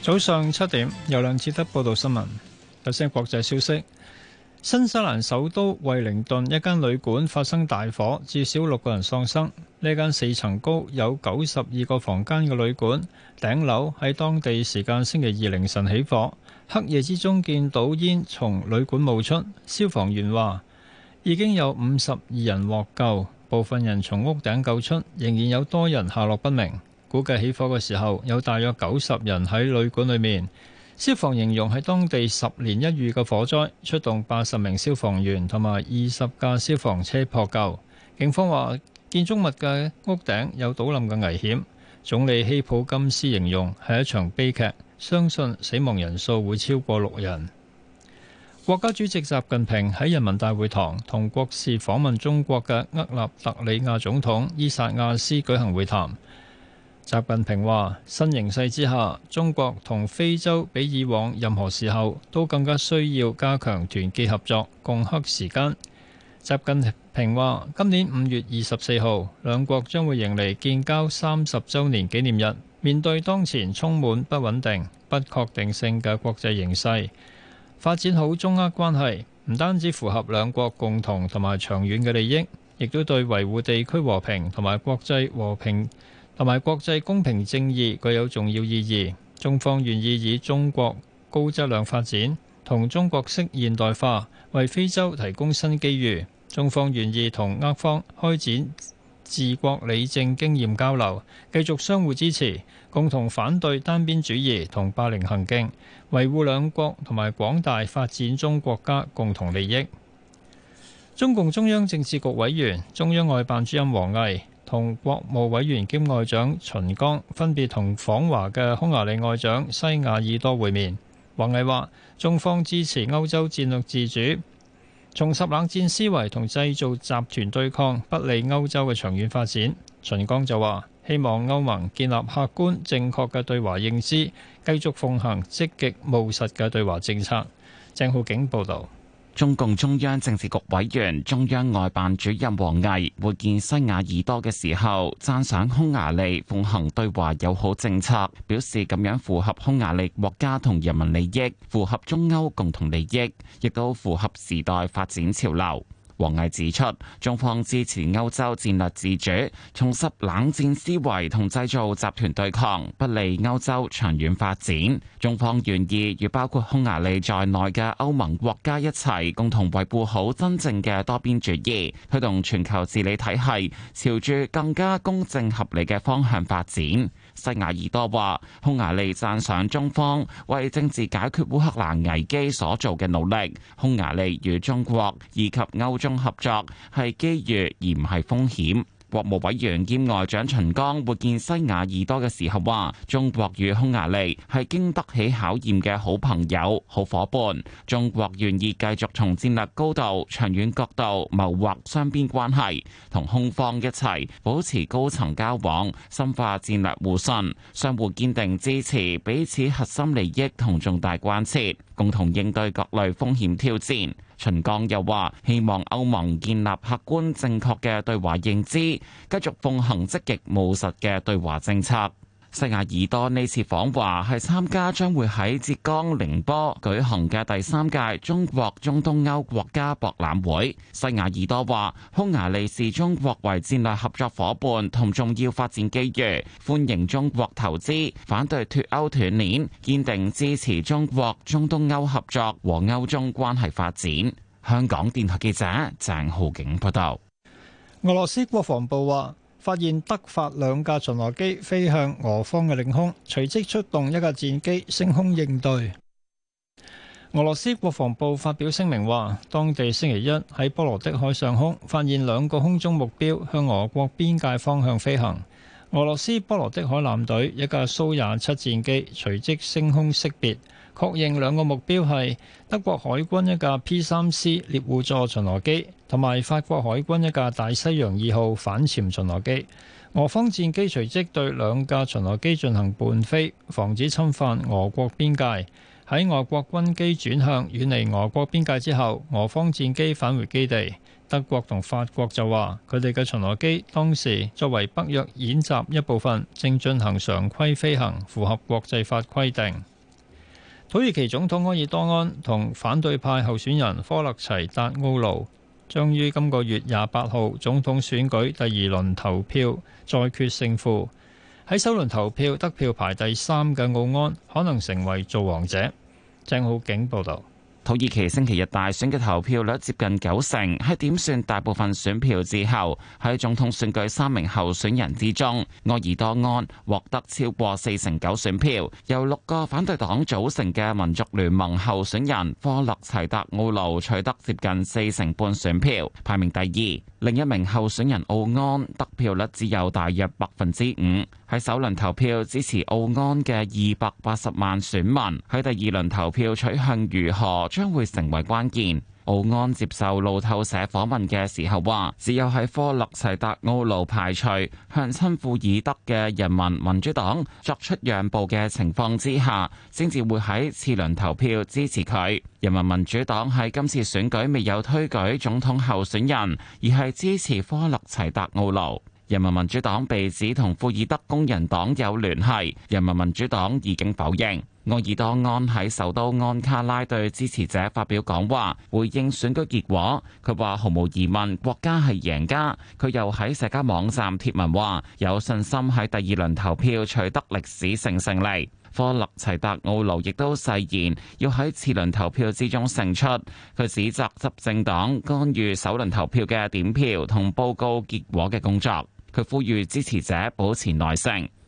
早上七點由梁捷德報道新聞，首先，國際消息，新西蘭首都惠靈頓一間旅館發生大火，至少六個人喪生。呢間四層高有九十二個房間嘅旅館，頂樓喺當地時間星期二凌晨起火，黑夜之中見到煙從旅館冒出。消防員話已經有五十二人獲救。部分人從屋頂救出，仍然有多人下落不明。估計起火嘅時候有大約九十人喺旅館裏面。消防形容係當地十年一遇嘅火災，出動八十名消防員同埋二十架消防車撲救。警方話建築物嘅屋頂有倒冧嘅危險。總理希普金斯形容係一場悲劇，相信死亡人數會超過六人。國家主席習近平喺人民大會堂同國事訪問中國嘅厄立特里亞總統伊薩亞斯舉行會談。習近平話：新形勢之下，中國同非洲比以往任何時候都更加需要加強團結合作、共克時艱。習近平話：今年五月二十四號，兩國將會迎嚟建交三十週年紀念日。面對當前充滿不穩定、不確定性嘅國際形勢。發展好中非關係，唔單止符合兩國共同同埋長遠嘅利益，亦都對維護地區和平同埋國際和平同埋國際公平正義具有重要意義。中方願意以中國高質量發展同中國式現代化為非洲提供新機遇。中方願意同非方開展治國理政經驗交流，繼續相互支持，共同反對單邊主義同霸凌行徑。維護兩國同埋廣大發展中國家共同利益。中共中央政治局委員、中央外辦主任王毅同國務委員兼外長秦剛分別同訪華嘅匈牙利外長西雅爾多會面。王毅話：中方支持歐洲戰略自主，重拾冷戰思維同製造集團對抗，不利歐洲嘅長遠發展。秦剛就話。希望歐盟建立客觀正確嘅對華認知，繼續奉行積極務實嘅對華政策。鄭浩景報道，中共中央政治局委員、中央外辦主任王毅會見西亞爾多嘅時候，讚賞匈牙利奉行對華友好政策，表示咁樣符合匈牙利國家同人民利益，符合中歐共同利益，亦都符合時代發展潮流。王毅指出，中方支持歐洲戰略自主，重拾冷戰思維同製造集團對抗，不利歐洲長遠發展。中方願意與包括匈牙利在內嘅歐盟國家一齊，共同維護好真正嘅多邊主義，推動全球治理體系朝住更加公正合理嘅方向發展。西雅爾多話，匈牙利贊賞中方為政治解決烏克蘭危機所做嘅努力。匈牙利與中國以及歐中合作係機遇而唔係風險。國務委員兼外長秦剛會見西亞爾多嘅時候話：中國與匈牙利係經得起考驗嘅好朋友、好夥伴。中國願意繼續從戰略高度、長遠角度謀劃雙邊關係，同匈方一齊保持高層交往，深化戰略互信，相互堅定支持彼此核心利益同重大關切，共同應對各類風險挑戰。秦剛又話：希望歐盟建立客觀正確嘅對華認知，繼續奉行積極務實嘅對華政策。西亞爾多呢次訪華係參加將會喺浙江寧波舉行嘅第三屆中國中東歐國家博覽會。西亞爾多話，匈牙利視中國為戰略合作伙伴同重要發展機遇，歡迎中國投資，反對脫歐斷鏈，堅定支持中國中東歐合作和歐中關係發展。香港電台記者鄭浩景報道。俄羅斯國防部話，發現德法兩架巡邏機飛向俄方嘅領空，隨即出動一架戰機升空應對。俄羅斯國防部發表聲明話，當地星期一喺波羅的海上空發現兩個空中目標向俄國邊界方向飛行，俄羅斯波羅的海艦隊一架蘇廿七戰機隨即升空識別。確認兩個目標係德國海軍一架 P 三 C 獵戶座巡邏機同埋法國海軍一架大西洋二號反潛巡邏機。俄方戰機隨即對兩架巡邏機進行伴飛，防止侵犯俄國邊界。喺俄國軍機轉向遠離俄國邊界之後，俄方戰機返回基地。德國同法國就話佢哋嘅巡邏機當時作為北約演習一部分，正進行常規飛行，符合國際法規定。土耳其總統安爾多安同反對派候選人科勒齊達奧魯將於今個月廿八號總統選舉第二輪投票再決勝負。喺首輪投票得票排第三嘅奧安可能成為造王者。鄭浩景報導。土耳其星期日大選嘅投票率接近九成，喺點算大部分選票之後，喺總統選舉三名候選人之中，埃爾多安獲得超過四成九選票，由六個反對黨組成嘅民族聯盟候選人科勒齊達奧盧取得接近四成半選票，排名第二。另一名候選人奧安得票率只有大約百分之五，喺首輪投票支持奧安嘅二百八十萬選民，喺第二輪投票取向如何，將會成為關鍵。奧安接受路透社訪問嘅時候話：只有喺科勒齊達奧路排除向親庫爾德嘅人民民主黨作出讓步嘅情況之下，先至會喺次輪投票支持佢。人民民主黨喺今次選舉未有推舉總統候選人，而係支持科勒齊達奧路。人民民主黨被指同庫爾德工人黨有聯繫，人民民主黨已經否認。埃爾多安喺首都安卡拉對支持者發表講話，回應選舉結果。佢話毫無疑問，國家係贏家。佢又喺社交網站貼文話，有信心喺第二輪投票取得歷史性勝利。科勒齊達奧盧亦都誓言要喺次輪投票之中勝出。佢指責執政黨干預首輪投票嘅點票同報告結果嘅工作。佢呼籲支持者保持耐性。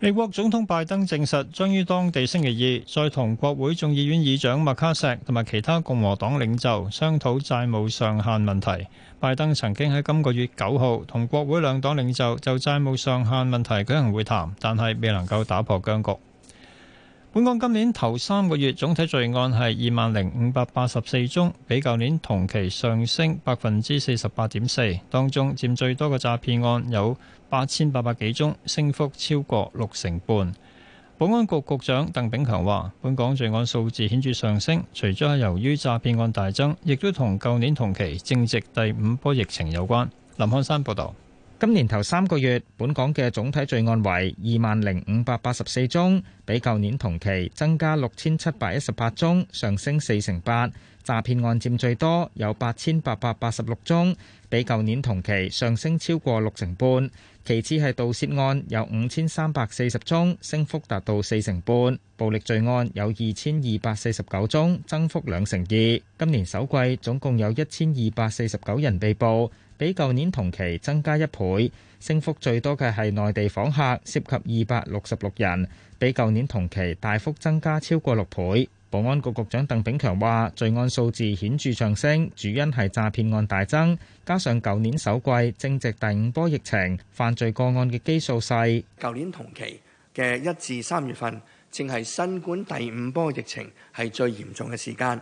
美國總統拜登證實，將於當地星期二再同國會眾議院議長麥卡錫同埋其他共和黨領袖商討債務上限問題。拜登曾經喺今個月九號同國會兩黨領袖就債務上限問題舉行會談，但係未能夠打破僵局。本港今年頭三個月總體罪案係二萬零五百八十四宗，比舊年同期上升百分之四十八點四，當中佔最多嘅詐騙案有。八千八百幾宗，升幅超過六成半。保安局局長鄧炳強話，本港罪案數字顯著上升，除咗係由於詐騙案大增，亦都同舊年同期正值第五波疫情有關。林漢山報導，今年頭三個月，本港嘅總體罪案為二萬零五百八十四宗，比舊年同期增加六千七百一十八宗，上升四成八。詐騙案佔最多，有八千八百八十六宗，比舊年同期上升超過六成半。其次係盜竊案，有五千三百四十宗，升幅達到四成半；暴力罪案有二千二百四十九宗，增幅兩成二。今年首季總共有一千二百四十九人被捕，比舊年同期增加一倍。升幅最多嘅係內地訪客，涉及二百六十六人，比舊年同期大幅增加超過六倍。保安局局長鄧炳強話，罪案數字顯著上升，主因係詐騙案大增，加上舊年首季正值第五波疫情，犯罪個案嘅基數細。舊年同期嘅一至三月份，正係新冠第五波疫情係最嚴重嘅時間。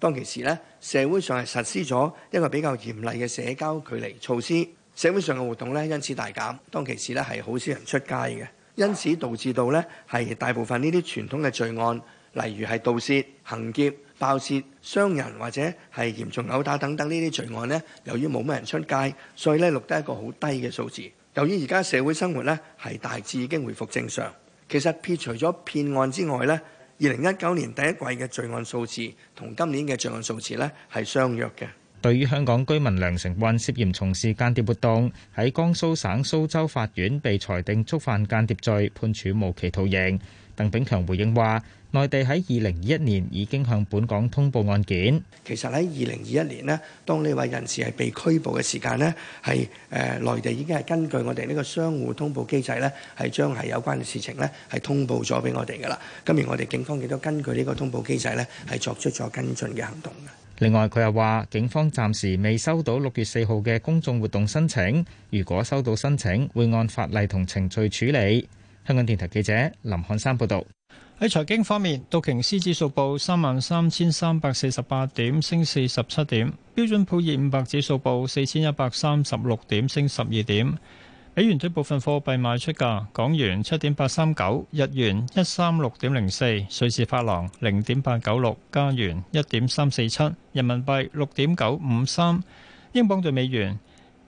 當其時呢，社會上係實施咗一個比較嚴厲嘅社交距離措施，社會上嘅活動呢因此大減。當其時呢係好少人出街嘅，因此導致到呢係大部分呢啲傳統嘅罪案。例如係盜竊、行劫、爆竊、傷人或者係嚴重毆打等等呢啲罪案咧，由於冇乜人出街，所以咧錄得一個好低嘅數字。由於而家社會生活咧係大致已經回復正常，其實撇除咗騙案之外呢，二零一九年第一季嘅罪案數字同今年嘅罪案數字咧係相若嘅。對於香港居民梁成運涉嫌從事間諜活動，喺江蘇省蘇州法院被裁定觸犯間諜罪，判處無期徒刑。鄧炳強回應話，內地喺二零二一年已經向本港通報案件。其實喺二零二一年呢，當呢位人士係被拘捕嘅時間呢，係誒內地已經係根據我哋呢個相互通報機制呢，係將係有關嘅事情呢係通報咗俾我哋噶啦。今年我哋警方亦都根據呢個通報機制呢，係作出咗跟進嘅行動。另外，佢又話警方暫時未收到六月四號嘅公眾活動申請，如果收到申請，會按法例同程序處理。香港電台記者林漢山報道。喺財經方面，道瓊斯指數報三萬三千三百四十八點，升四十七點；標準普爾五百指數報四千一百三十六點，升十二點。美元兌部分貨幣賣出價：港元七點八三九，日元一三六點零四，瑞士法郎零點八九六，加元一點三四七，人民幣六點九五三，英鎊兌美元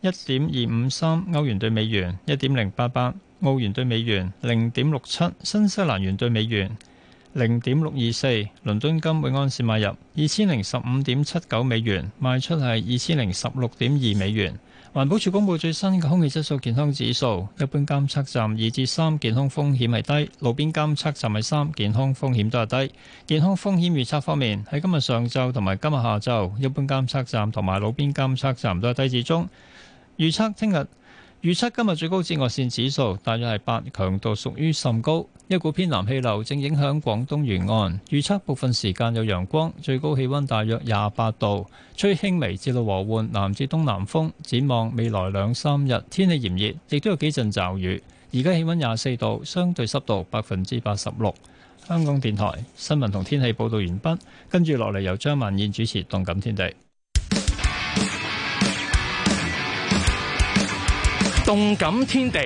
一點二五三，歐元兌美元一點零八八。澳元兌美元零點六七，新西蘭元兌美元零點六二四，倫敦金每安士買入二千零十五點七九美元，賣出係二千零十六點二美元。環保署公布最新嘅空氣質素健康指數，一般監測站二至三健康風險係低，路邊監測站係三健康風險都係低。健康風險預測方面，喺今日上晝同埋今日下晝，一般監測站同埋路邊監測站都係低至中，預測聽日。預測今日最高紫外線指數大約係八，強度屬於甚高。一股偏南氣流正影響廣東沿岸，預測部分時間有陽光，最高氣溫大約廿八度，吹輕微至到和緩南至東南風。展望未來兩三日天氣炎熱，亦都有幾陣驟雨。而家氣溫廿四度，相對濕度百分之八十六。香港電台新聞同天氣報道完畢，跟住落嚟由張萬燕主持《動感天地》。動感天地，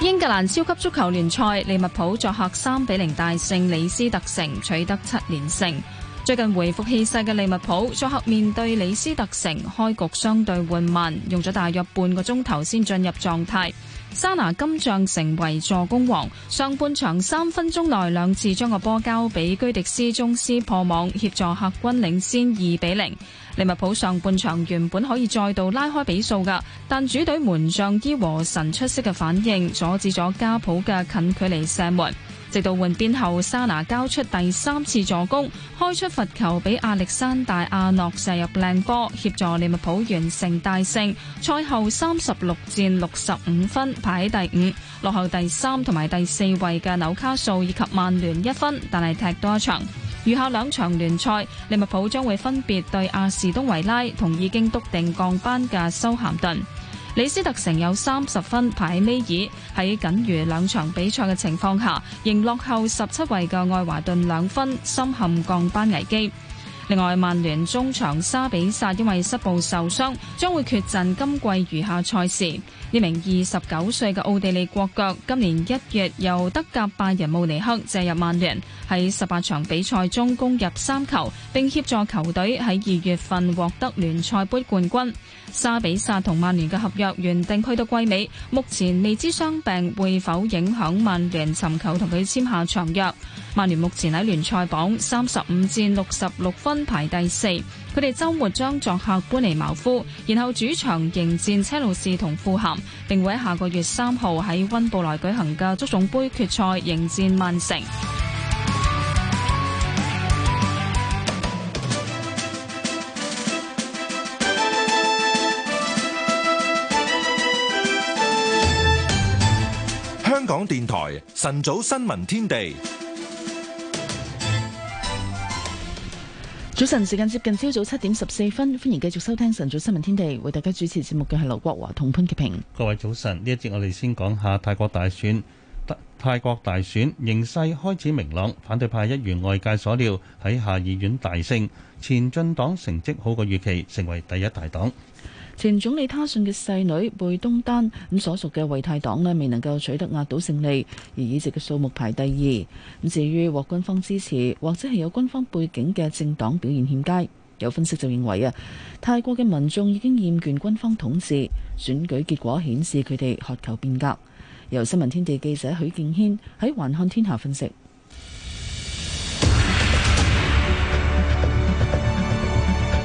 英格蘭超級足球聯賽，利物浦作客三比零大勝李斯特城，取得七連勝。最近回復氣勢嘅利物浦作客面對李斯特城，開局相對緩慢，用咗大約半個鐘頭先進入狀態。莎拿今仗成為助攻王，上半場三分鐘內兩次將個波交俾居迪斯宗斯破網，協助客軍領先二比零。利物浦上半場原本可以再度拉開比數㗎，但主隊門將伊和神出色嘅反應，阻止咗加普嘅近距離射門。直到換邊後，莎拿交出第三次助攻，開出罰球俾阿力山大阿諾射入靚波，協助利物浦完成大勝。賽後三十六戰六十五分，排喺第五，落後第三同埋第四位嘅紐卡素以及曼聯一分，但係踢多一場。餘下兩場聯賽，利物浦將會分別對阿士東維拉同已經篤定降班嘅修咸頓。李斯特城有三十分排喺尾二，喺僅餘兩場比賽嘅情況下，仍落後十七位嘅愛華頓兩分，深陷降班危機。另外，曼聯中場沙比薩因為膝部受傷，將會缺陣今季餘下賽事。呢名二十九歲嘅奧地利國腳，今年一月由德甲拜仁慕尼黑借入曼聯，喺十八場比賽中攻入三球，並協助球隊喺二月份獲得聯賽杯冠軍。沙比薩同曼聯嘅合約原定去到季尾，目前未知傷病會否影響曼聯尋求同佢簽下長約。曼聯目前喺聯賽榜三十五至六十六分排第四，佢哋周末將作客搬尼茅夫，然後主場迎戰車路士同富咸，並會喺下個月三號喺溫布萊舉行嘅足總杯決賽迎戰曼城。電台晨早新聞天地，早晨時間接近朝早七點十四分，歡迎繼續收聽晨早新聞天地，為大家主持節目嘅係劉國華同潘潔平。各位早晨，呢一節我哋先講下泰國大選。泰泰國大選形勢開始明朗，反對派一如外界所料喺下議院大勝，前進黨成績好過預期，成為第一大黨。前總理他信嘅細女貝東丹，咁所屬嘅衛泰黨咧未能夠取得壓倒勝利，而議席嘅數目排第二。咁至於獲軍方支持或者係有軍方背景嘅政黨表現欠佳，有分析就認為啊，泰國嘅民眾已經厭倦軍方統治，選舉結果顯示佢哋渴求變革。由新聞天地記者許敬軒喺環看天下分析。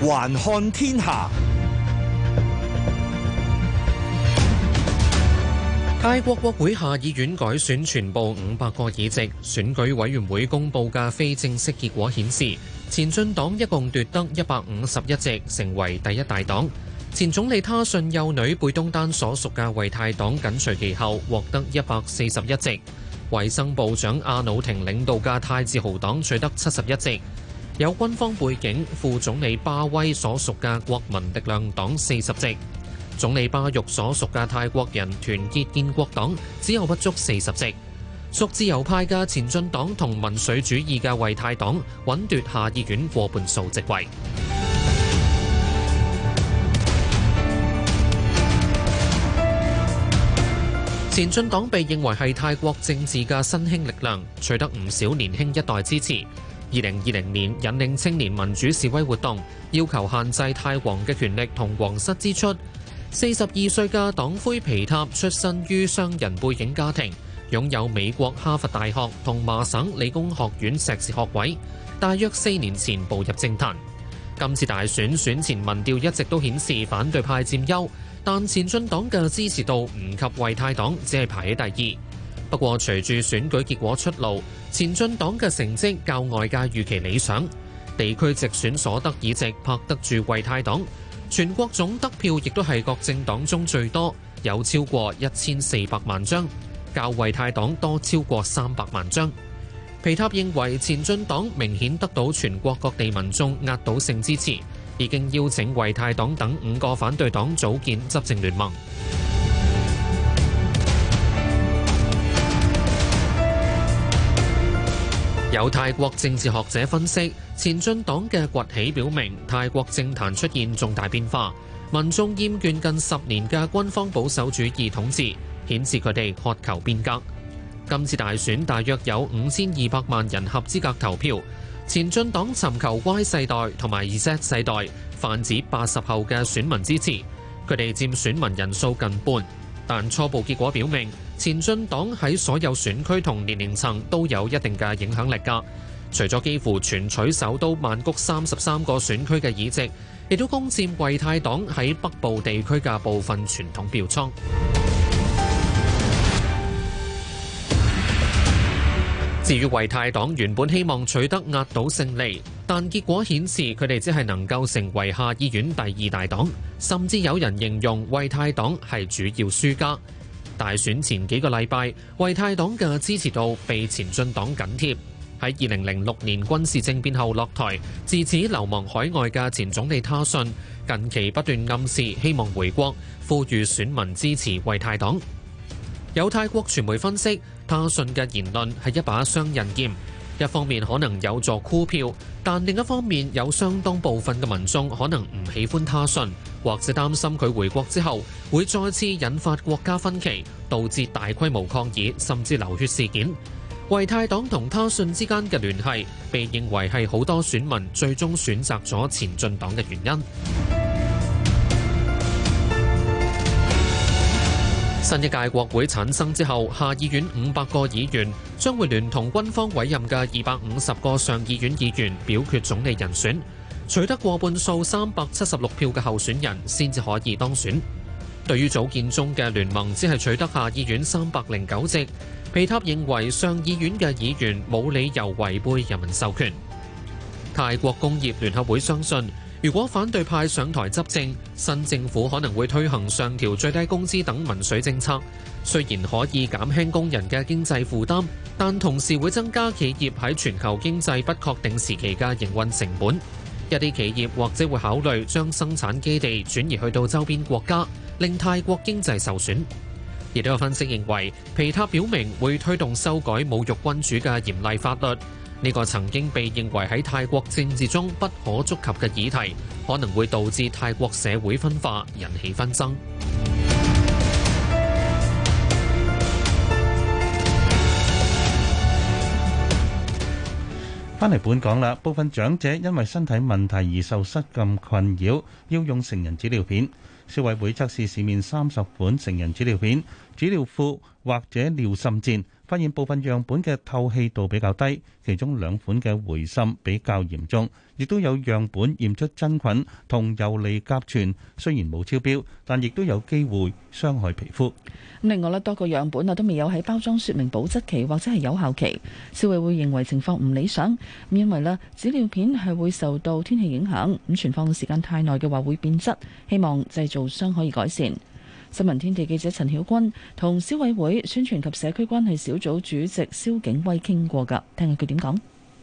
環看天下。泰國國會下議院改選全部五百個議席，選舉委員會公佈嘅非正式結果顯示，前進黨一共奪得一百五十一席，成為第一大黨。前總理他信幼女貝東丹所屬嘅為泰黨緊隨其後，獲得一百四十一席。衛生部長阿努廷領導嘅泰自豪黨取得七十一席。有軍方背景副總理巴威所屬嘅國民力量黨四十席。總理巴育所屬嘅泰國人團結建國黨只有不足四十席，屬自由派嘅前進黨同民粹主義嘅為泰黨穩奪下議院過半數席位。 前進黨被認為係泰國政治嘅新興力量，取得唔少年輕一代支持。二零二零年引領青年民主示威活動，要求限制泰皇嘅權力同皇室支出。四十二歲嘅黨魁皮塔出身於商人背景家庭，擁有美國哈佛大學同麻省理工學院碩士學位。大約四年前步入政壇。今次大選選前民調一直都顯示反對派佔優，但前進黨嘅支持度唔及為泰黨，只係排喺第二。不過隨住選舉結果出爐，前進黨嘅成績較外界預期理想，地區直選所得議席拍得住為泰黨。全國總得票亦都係各政黨中最多，有超過一千四百萬張，較為泰黨多超過三百萬張。皮塔認為前進黨明顯得到全國各地民眾壓倒性支持，已經邀請為泰黨等五個反對黨組建執政聯盟。有泰國政治學者分析，前進黨嘅崛起表明泰國政壇出現重大變化，民眾厭倦近十年嘅軍方保守主義統治，顯示佢哋渴求變革。今次大選大約有五千二百萬人合資格投票，前進黨尋求 Y 世代同埋 Z 世代泛指八十後嘅選民支持，佢哋佔選民人數近半，但初步結果表明，前進黨喺所有選區同年齡層都有一定嘅影響力㗎，除咗幾乎全取首都曼谷三十三個選區嘅議席，亦都攻占為泰黨喺北部地區嘅部分傳統票倉。 至於為泰黨原本希望取得壓倒勝利，但結果顯示佢哋只係能夠成為下議院第二大黨，甚至有人形容為泰黨係主要輸家。大選前幾個禮拜，為泰黨嘅支持度被前進黨緊貼。喺二零零六年軍事政變後落台，自此流亡海外嘅前總理他信，近期不斷暗示希望回國，呼籲選民支持為泰黨。有泰國傳媒分析，他信嘅言論係一把雙刃劍。一方面可能有助箍票，但另一方面有相當部分嘅民眾可能唔喜歡他信，或者擔心佢回國之後會再次引發國家分歧，導致大規模抗議甚至流血事件。為泰黨同他信之間嘅聯繫被認為係好多選民最終選擇咗前進黨嘅原因。新一屆國會產生之後，下議院五百個議員將會聯同軍方委任嘅二百五十個上議院議員表決總理人選，取得過半數三百七十六票嘅候選人先至可以當選。對於組建中嘅聯盟，只係取得下議院三百零九席，皮塔認為上議院嘅議員冇理由違背人民授權。泰國工業聯合會相信。如果反對派上台執政，新政府可能會推行上調最低工資等民粹政策。雖然可以減輕工人嘅經濟負擔，但同時會增加企業喺全球經濟不確定時期嘅營運成本。一啲企業或者會考慮將生產基地轉移去到周邊國家，令泰國經濟受損。亦都有分析認為，皮塔表明會推動修改侮辱君主嘅嚴厲法律。呢個曾經被認為喺泰國政治中不可觸及嘅議題，可能會導致泰國社會分化，引起紛爭。翻嚟本港啦，部分長者因為身體問題而受失禁困擾，要用成人紙尿片。消委會測試市面三十款成人紙尿片、紙尿褲或者尿滲墊。發現部分樣本嘅透氣度比較低，其中兩款嘅回滲比較嚴重，亦都有樣本驗出真菌同游離甲醛。雖然冇超標，但亦都有機會傷害皮膚。另外咧，多個樣本啊都未有喺包裝說明保質期或者係有效期。消委會認為情況唔理想，因為咧紙尿片係會受到天氣影響，咁存放時間太耐嘅話會變質。希望製造商可以改善。新聞天地記者陳曉君同消委會宣傳及社區關係小組主席蕭景威傾過噶，聽下佢點講。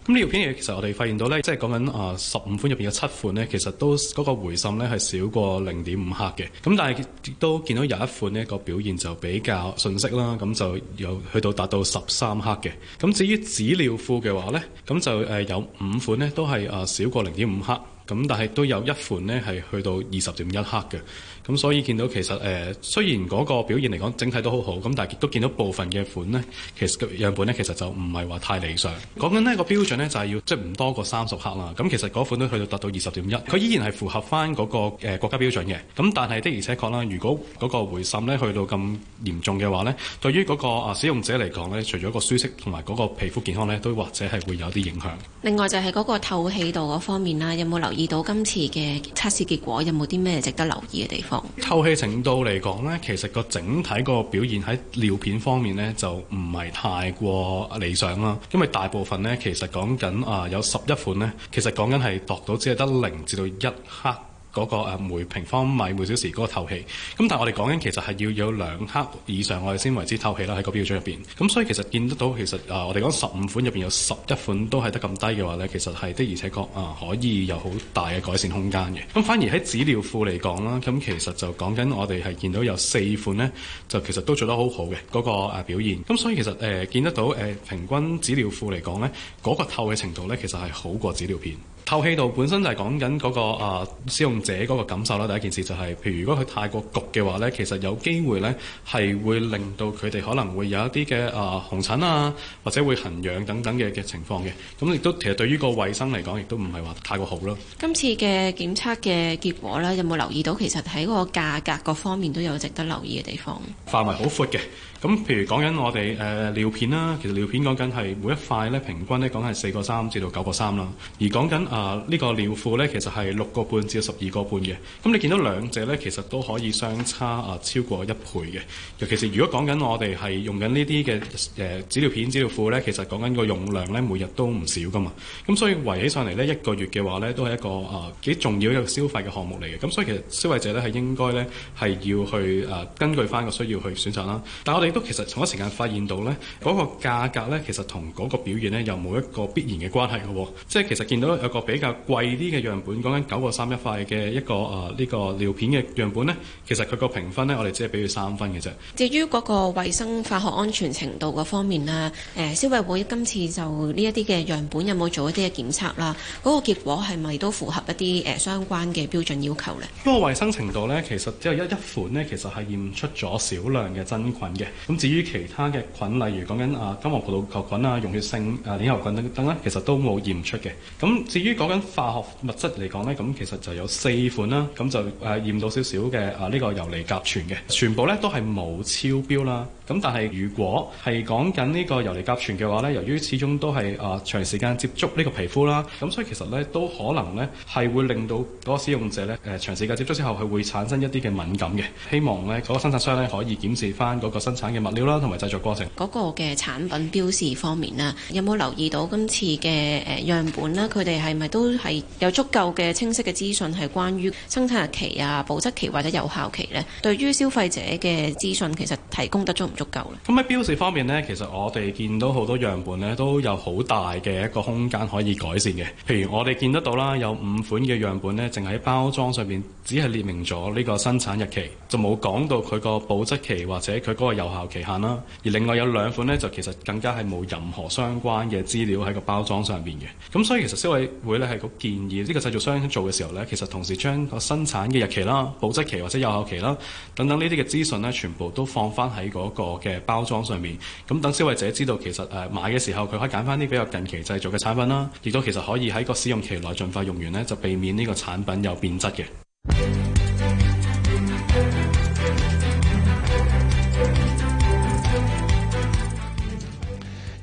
咁呢條片嘢，其實我哋發現到咧，即係講緊啊十五款入邊有七款呢，其實都嗰個回滲呢係少過零點五克嘅。咁但係亦都見到有一款呢個表現就比較遜色啦，咁就有去到達到十三克嘅。咁至於紙尿褲嘅話呢，咁就誒有五款呢都係啊少過零點五克，咁但係都有一款呢係去到二十點一克嘅。咁所以見到其實誒，雖然嗰個表現嚟講整體都好好，咁但係亦都見到部分嘅款呢，其實個樣本呢，其實就唔係話太理想。講緊呢個標準呢，就係要即係唔多過三十克啦。咁其實嗰款都去到達到二十點一，佢依然係符合翻嗰個誒國家標準嘅。咁但係的而且確啦，如果嗰個回滲呢去到咁嚴重嘅話呢，對於嗰個啊使用者嚟講呢，除咗個舒適同埋嗰個皮膚健康呢，都或者係會有啲影響。另外就係嗰個透氣度嗰方面啦，有冇留意到今次嘅測試結果有冇啲咩值得留意嘅地方？透氣程度嚟講呢，其實個整體個表現喺尿片方面呢，就唔係太過理想啦，因為大部分呢，其實講緊啊有十一款呢，其實講緊係度到只係得零至到一克。嗰個誒每平方米每小時嗰個透氣，咁但係我哋講緊其實係要有兩克以上，我哋先為之透氣啦，喺個標準入邊。咁所以其實見得到，其實誒我哋講十五款入邊有十一款都係得咁低嘅話呢，其實係的而且確啊，可以有好大嘅改善空間嘅。咁反而喺紙尿褲嚟講啦，咁其實就講緊我哋係見到有四款呢，就其實都做得好好嘅嗰個誒表現。咁所以其實誒見得到，誒平均紙尿褲嚟講呢，嗰個透氣程度呢，其實係好過紙尿片。透氣度本身就係講緊嗰個啊使用者嗰個感受啦。第一件事就係，譬如如果佢太過焗嘅話呢，其實有機會呢係會令到佢哋可能會有一啲嘅啊紅疹啊，或者會痕癢等等嘅嘅情況嘅。咁亦都其實對於個衞生嚟講，亦都唔係話太過好咯。今次嘅檢測嘅結果咧，有冇留意到其實喺個價格各方面都有值得留意嘅地方？範圍好闊嘅。咁譬如講緊我哋誒、呃、尿片啦，其實尿片講緊係每一塊咧平均咧講緊係四個三至到九個三啦，而講緊啊呢個尿褲咧其實係六個半至到十二個半嘅。咁你見到兩者咧其實都可以相差啊、呃、超過一倍嘅。尤其是如果講緊我哋係用緊呢啲嘅誒紙尿片、紙尿褲咧，其實講緊個用量咧每日都唔少噶嘛。咁所以圍起上嚟咧一個月嘅話咧都係一個啊幾、呃、重要一個消費嘅項目嚟嘅。咁所以其實消費者咧係應該咧係要去啊、呃、根據翻個需要去選擇啦。但我哋亦都其實同一時間發現到呢嗰個價格呢，其實同嗰個表現呢，又冇一個必然嘅關係嘅。即係其實見到有個比較貴啲嘅樣本，講緊九個三一塊嘅一個誒呢個尿片嘅樣本呢，其實佢個評分呢，我哋只係俾佢三分嘅啫。至於嗰個衞生化學安全程度嘅方面啦，誒消委會今次就呢一啲嘅樣本有冇做一啲嘅檢測啦？嗰個結果係咪都符合一啲誒相關嘅標準要求呢？嗰個衞生程度呢，其實只有一一一款呢，其實係驗出咗少量嘅真菌嘅。咁至於其他嘅菌，例如講緊啊金黃葡萄球菌啊、溶血性啊鏈球菌等等啦，其實都冇驗出嘅。咁至於講緊化學物質嚟講咧，咁其實就有四款啦，咁就誒驗到少少嘅啊呢個游離甲醛嘅，全部咧都係冇超標啦。咁但係如果係講緊呢個遊離甲醛嘅話咧，由於始終都係啊、呃、長時間接觸呢個皮膚啦，咁、呃、所以其實咧都可能咧係會令到嗰個使用者咧誒、呃、長時間接觸之後，係會產生一啲嘅敏感嘅。希望咧嗰、那個生產商咧可以檢視翻嗰個生產嘅物料啦，同埋製作過程。嗰個嘅產品標示方面啦，有冇留意到今次嘅誒樣本啦？佢哋係咪都係有足夠嘅清晰嘅資訊，係關於生產日期啊、保質期或者有效期咧？對於消費者嘅資訊其實提供得足，唔，足夠啦。咁喺標示方面呢，其實我哋見到好多樣本呢都有好大嘅一個空間可以改善嘅。譬如我哋見得到啦，有五款嘅樣本呢，淨喺包裝上面，只係列明咗呢個生產日期，就冇講到佢個保質期或者佢嗰個有效期限啦。而另外有兩款呢，就其實更加係冇任何相關嘅資料喺個包裝上面嘅。咁所以其實消委會呢，係個建議，呢個製造商做嘅時候呢，其實同時將個生產嘅日期啦、保質期或者有效期啦等等呢啲嘅資訊呢，全部都放翻喺嗰個嘅包裝上面，咁等消費者知道，其實誒買嘅時候，佢可以揀翻啲比較近期製造嘅產品啦，亦都其實可以喺個使用期內盡快用完呢，就避免呢個產品有變質嘅。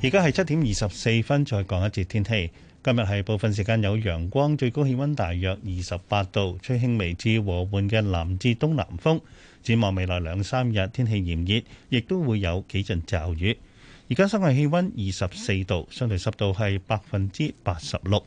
而家係七點二十四分，再講一節天氣。今日係部分時間有陽光，最高氣温大約二十八度，吹輕微至和緩嘅南至東南風。展望未來兩三日，天氣炎熱，亦都會有幾陣驟雨。而家室外氣溫二十四度，相對濕度係百分之八十六。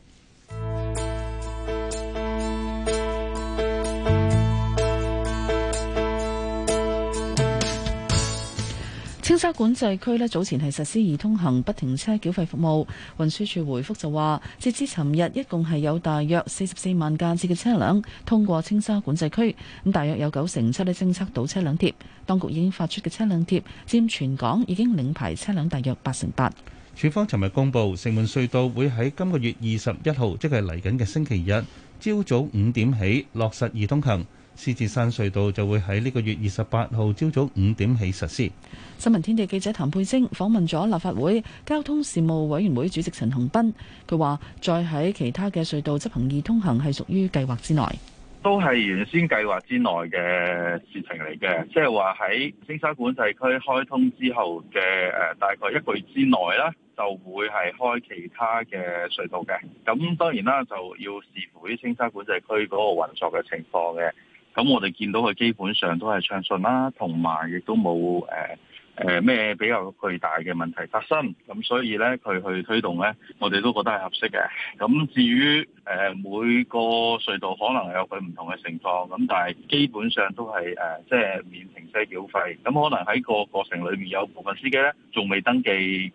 青沙管制區咧，早前係實施易通行不停車繳費服務。運輸署回覆就話，截至尋日，一共係有大約四十四萬架次嘅車輛通過青沙管制區，咁大約有九成七咧偵測到車輛貼。當局已經發出嘅車輛貼，佔全港已經領牌車輛大約八成八。署方尋日公布，城門隧道會喺今個月二十一號，即係嚟緊嘅星期日，朝早五點起落實易通行。獅子山隧道就會喺呢個月二十八號朝早五點起實施。新聞天地記者譚佩晶訪問咗立法會交通事務委員會主席陳恒鑌，佢話：再喺其他嘅隧道執行易通行係屬於計劃之內，都係原先計劃之內嘅事情嚟嘅。即係話喺青沙管制區開通之後嘅誒、呃，大概一個月之內啦，就會係開其他嘅隧道嘅。咁當然啦，就要視乎於青沙管制區嗰個運作嘅情況嘅。咁我哋見到佢基本上都係暢順啦，同埋亦都冇誒。呃誒咩、呃、比較巨大嘅問題發生，咁所以咧佢去推動咧，我哋都覺得係合適嘅。咁至於，誒每個隧道可能有佢唔同嘅情況，咁但係基本上都係誒，即係免停車繳費。咁可能喺個過程裏面有部分司機咧，仲未登記，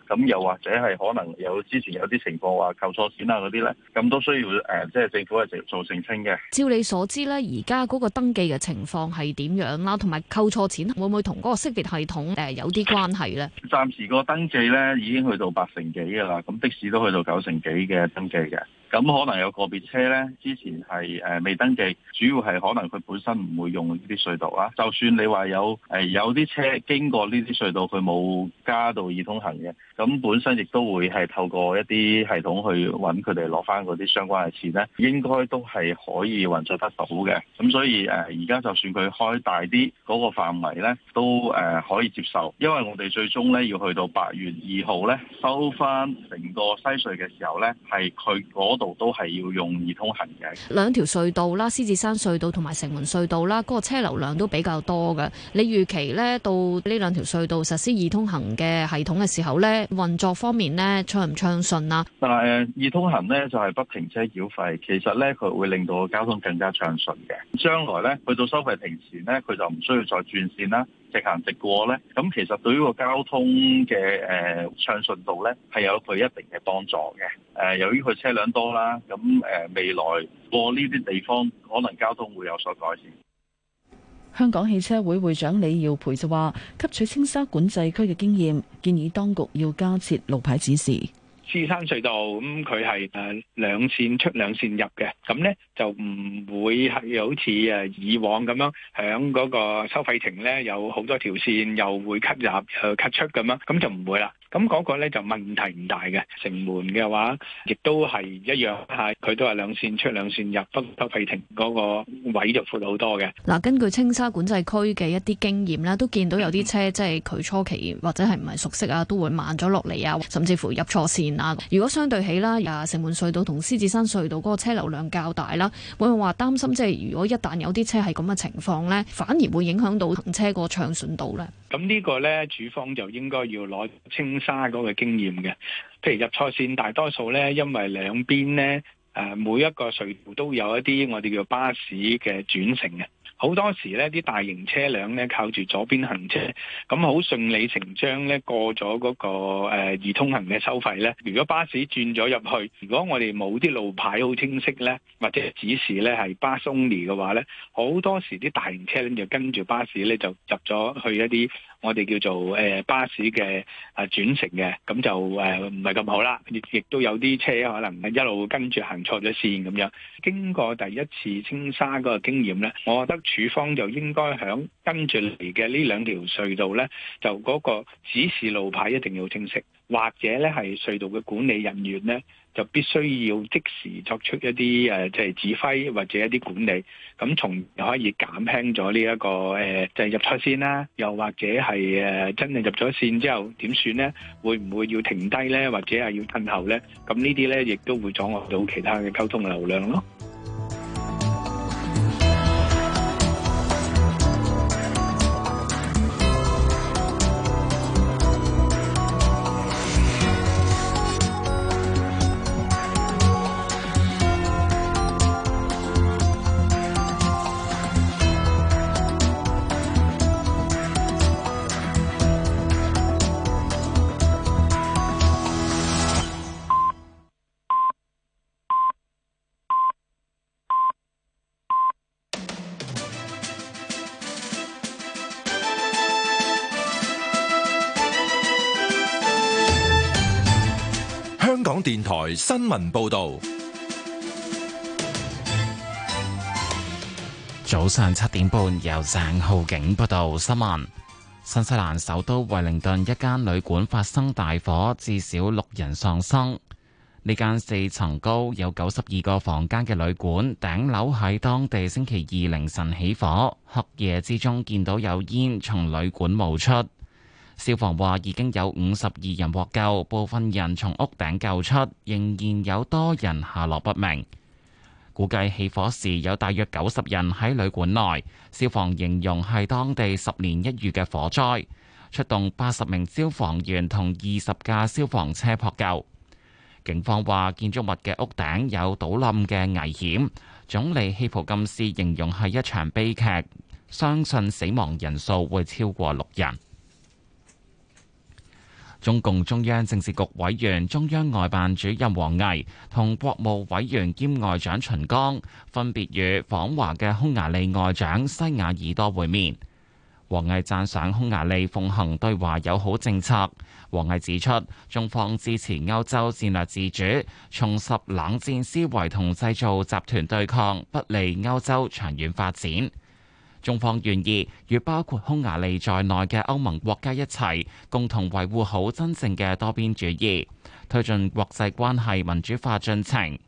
咁又或者係可能有之前有啲情況話扣錯錢啊嗰啲咧，咁都需要誒，即係政府係做澄清嘅。照你所知咧，而家嗰個登記嘅情況係點樣啦？同埋扣錯錢會唔會同嗰個識別系統誒有啲關係咧？ 暫時個登記咧已經去到八成幾嘅啦，咁的士都去到九成幾嘅登記嘅。咁可能有個別車呢，之前係誒未登記，主要係可能佢本身唔會用呢啲隧道啊。就算你話有誒有啲車經過呢啲隧道，佢冇加到易通行嘅，咁本身亦都會係透過一啲系統去揾佢哋攞翻嗰啲相關嘅錢該、呃那個、呢，應該都係可以運作得到嘅。咁所以誒，而家就算佢開大啲嗰個範圍咧，都誒可以接受，因為我哋最終呢要去到八月二號呢，收翻成個西隧嘅時候呢，係佢度。都係要用二通行嘅，兩條隧道啦，獅子山隧道同埋城門隧道啦，嗰、那個車流量都比較多嘅。你預期咧，到呢兩條隧道實施二通行嘅系統嘅時候咧，運作方面咧暢唔暢順啦。唱唱啊、但係二通行咧就係、是、不停車繳費，其實咧佢會令到個交通更加暢順嘅。將來咧去到收費亭前咧，佢就唔需要再轉線啦。直行直過呢，咁其實對於個交通嘅誒暢順度呢，係有佢一定嘅幫助嘅。誒由於佢車輛多啦，咁誒未來過呢啲地方可能交通會有所改善。香港汽車會會長李耀培就話：吸取青沙管制區嘅經驗，建議當局要加設路牌指示。獅山隧道，咁佢係誒兩線出兩線入嘅，咁咧就唔會係好似誒以往咁樣喺嗰個收費亭咧有好多條線又會吸入又吸、呃、吸出咁樣，咁就唔會啦。咁嗰個咧就問題唔大嘅。城門嘅話，亦都係一樣吓，佢都係兩線出兩線入，不過收費亭嗰個位就闊好多嘅。嗱，根據青沙管制區嘅一啲經驗咧，都見到有啲車即係佢初期或者係唔係熟悉啊，都會慢咗落嚟啊，甚至乎入錯線。嗱，如果相對起啦，啊，城門隧道同獅子山隧道嗰個車流量較大啦，會唔會話擔心，即係如果一旦有啲車係咁嘅情況咧，反而會影響到行車個暢順度咧？咁呢個咧，主方就應該要攞青沙嗰個經驗嘅，譬如入賽線，大多數咧，因為兩邊咧，誒，每一個隧道都有一啲我哋叫巴士嘅轉乘嘅。好多時咧，啲大型車輛咧靠住左邊行車，咁好順理成章咧過咗嗰、那個、呃、二通行嘅收費咧。如果巴士轉咗入去，如果我哋冇啲路牌好清晰咧，或者指示咧係巴松尼嘅話咧，好多時啲大型車咧就跟住巴士咧就入咗去一啲。我哋叫做誒、呃、巴士嘅啊轉乘嘅，咁就誒唔係咁好啦。亦亦都有啲車可能一路跟住行錯咗線咁樣。經過第一次青沙嗰個經驗呢，我覺得署方就應該響跟住嚟嘅呢兩條隧道呢，就嗰個指示路牌一定要清晰，或者呢係隧道嘅管理人員呢。就必須要即時作出一啲誒，即、呃、係、就是、指揮或者一啲管理，咁從又可以減輕咗呢一個誒，即、呃、係、就是、入錯線啦，又或者係誒、呃，真係入咗線之後點算呢？會唔會要停低呢？或者係要褪後呢？咁呢啲呢，亦都會阻礙到其他嘅溝通流量咯。新聞報道，早上七點半由鄭浩景報道新聞。新西蘭首都惠靈頓一間旅館發生大火，至少六人喪生。呢間四層高，有九十二個房間嘅旅館，頂樓喺當地星期二凌晨起火，黑夜之中見到有煙從旅館冒出。消防話已經有五十二人獲救，部分人從屋頂救出，仍然有多人下落不明。估計起火時有大約九十人喺旅館內。消防形容係當地十年一遇嘅火災，出動八十名消防員同二十架消防車撲救。警方話建築物嘅屋頂有倒冧嘅危險。總理希普金斯形容係一場悲劇，相信死亡人數會超過六人。中共中央政治局委員、中央外辦主任王毅同國務委員兼外長秦剛分別與訪華嘅匈牙利外長西亞爾多會面。王毅讚賞匈牙利奉行對華友好政策。王毅指出，中方支持歐洲戰略自主，重拾冷戰思維同製造集團對抗，不利歐洲長遠發展。中方願意與包括匈牙利在內嘅歐盟國家一齊，共同維護好真正嘅多邊主義，推進國際關係民主化進程，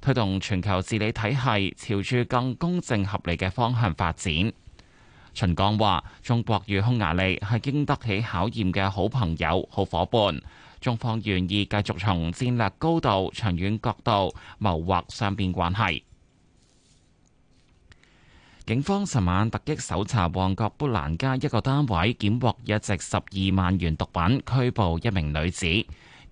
推動全球治理體系朝住更公正合理嘅方向發展。秦剛話：中國與匈牙利係經得起考驗嘅好朋友、好伙伴，中方願意繼續從戰略高度、長遠角度謀劃雙邊關係。警方尋晚突擊搜查旺角砵蘭街一個單位，檢獲約值十二萬元毒品，拘捕一名女子。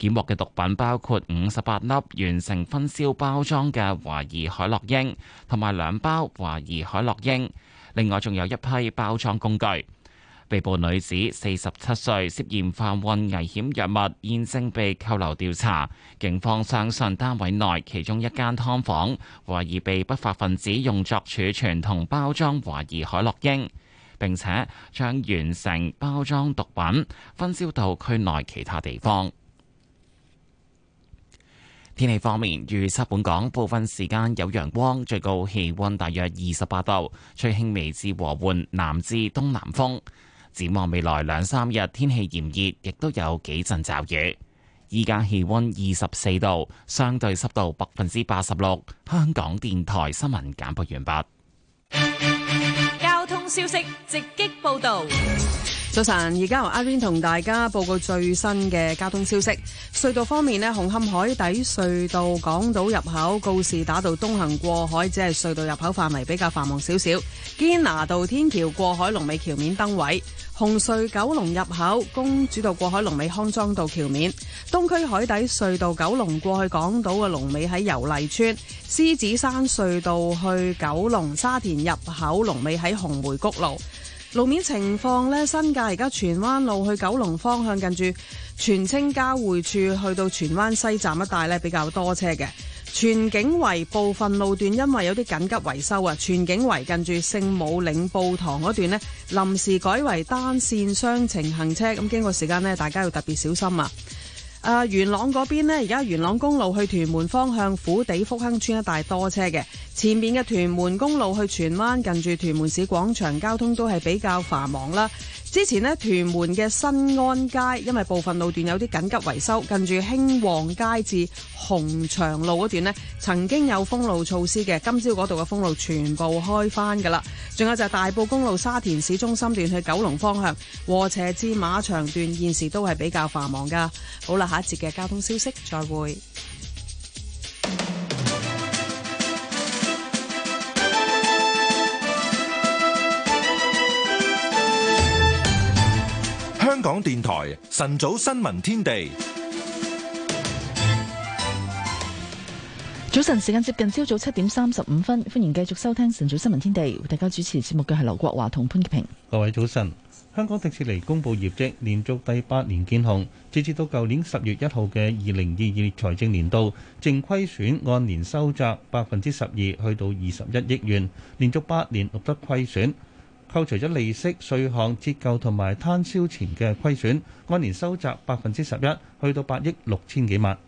檢獲嘅毒品包括五十八粒完成分銷包裝嘅懷疑海洛因，同埋兩包懷疑海洛因。另外，仲有一批包裝工具。被捕女子四十七歲，涉嫌販運危險藥物，現正被扣留調查。警方相信單位內其中一間劏房，懷疑被不法分子用作儲存同包裝懷疑海洛因，並且將完成包裝毒品分銷到區內其他地方。天氣方面，預測本港部分時間有陽光，最高氣溫大約二十八度，吹輕微至和緩南至東南風。展望未來兩三日，天氣炎熱，亦都有幾陣驟雨。依家氣溫二十四度，相對濕度百分之八十六。香港電台新聞簡報完畢。交通消息直擊報道。早晨，而家由阿 Vin 同大家報告最新嘅交通消息。隧道方面呢，紅磡海底隧道港島入口告士打道東行過海，只係隧道入口範圍比較繁忙少少。堅拿道天橋過海龍尾橋面燈位，紅隧九龍入口公主道過海龍尾康莊道橋面。東區海底隧道九龍過去港島嘅龍尾喺油麗邨。獅子山隧道去九龍沙田入口龍尾喺紅梅谷路。路面情況咧，新界而家荃灣路去九龍方向，近住荃青交匯處去到荃灣西站一帶咧，比較多車嘅。荃景圍部分路段因為有啲緊急維修啊，荃景圍近住聖母領報堂嗰段呢，臨時改為單線雙程行車，咁經過時間呢，大家要特別小心啊。啊，元朗嗰邊呢，而家元朗公路去屯門方向，虎地福亨村一帶多車嘅，前面嘅屯門公路去荃灣，近住屯門市廣場，交通都係比較繁忙啦。之前呢，屯門嘅新安街，因為部分路段有啲緊急維修，近住興旺街至紅牆路嗰段呢，曾經有封路措施嘅。今朝嗰度嘅封路全部開返㗎喇。仲有就係大埔公路沙田市中心段去九龍方向禾輋至馬場段，現時都係比較繁忙㗎。好啦，下一節嘅交通消息，再會。港電台晨早新聞天地，早晨時間接近朝早七點三十五分，歡迎繼續收聽晨早新聞天地。為大家主持節目嘅係劉國華同潘潔平。各位早晨，香港迪士尼公布業績，連續第八年見紅，截至到舊年十月一號嘅二零二二年財政年度，淨虧損按年收窄百分之十二，去到二十一億元，連續八年錄得虧損。扣除咗利息、稅項、折舊同埋攤銷前嘅虧損，按年收窄百分之十一，去到八億六千幾萬。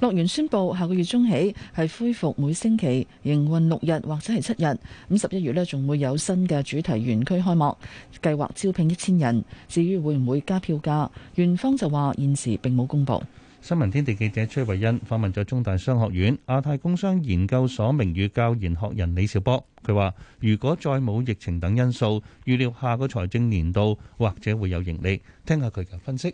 樂園宣布下個月中起係恢復每星期營運六日或者係七日。咁十一月呢，仲會有新嘅主題園區開幕，計劃招聘一千人。至於會唔會加票價，園方就話現時並冇公布。新聞天地記者崔慧欣訪問咗中大商學院亞太工商研究所名譽教研學人李兆波。佢話：如果再冇疫情等因素，預料下個財政年度或者會有盈利。聽下佢嘅分析。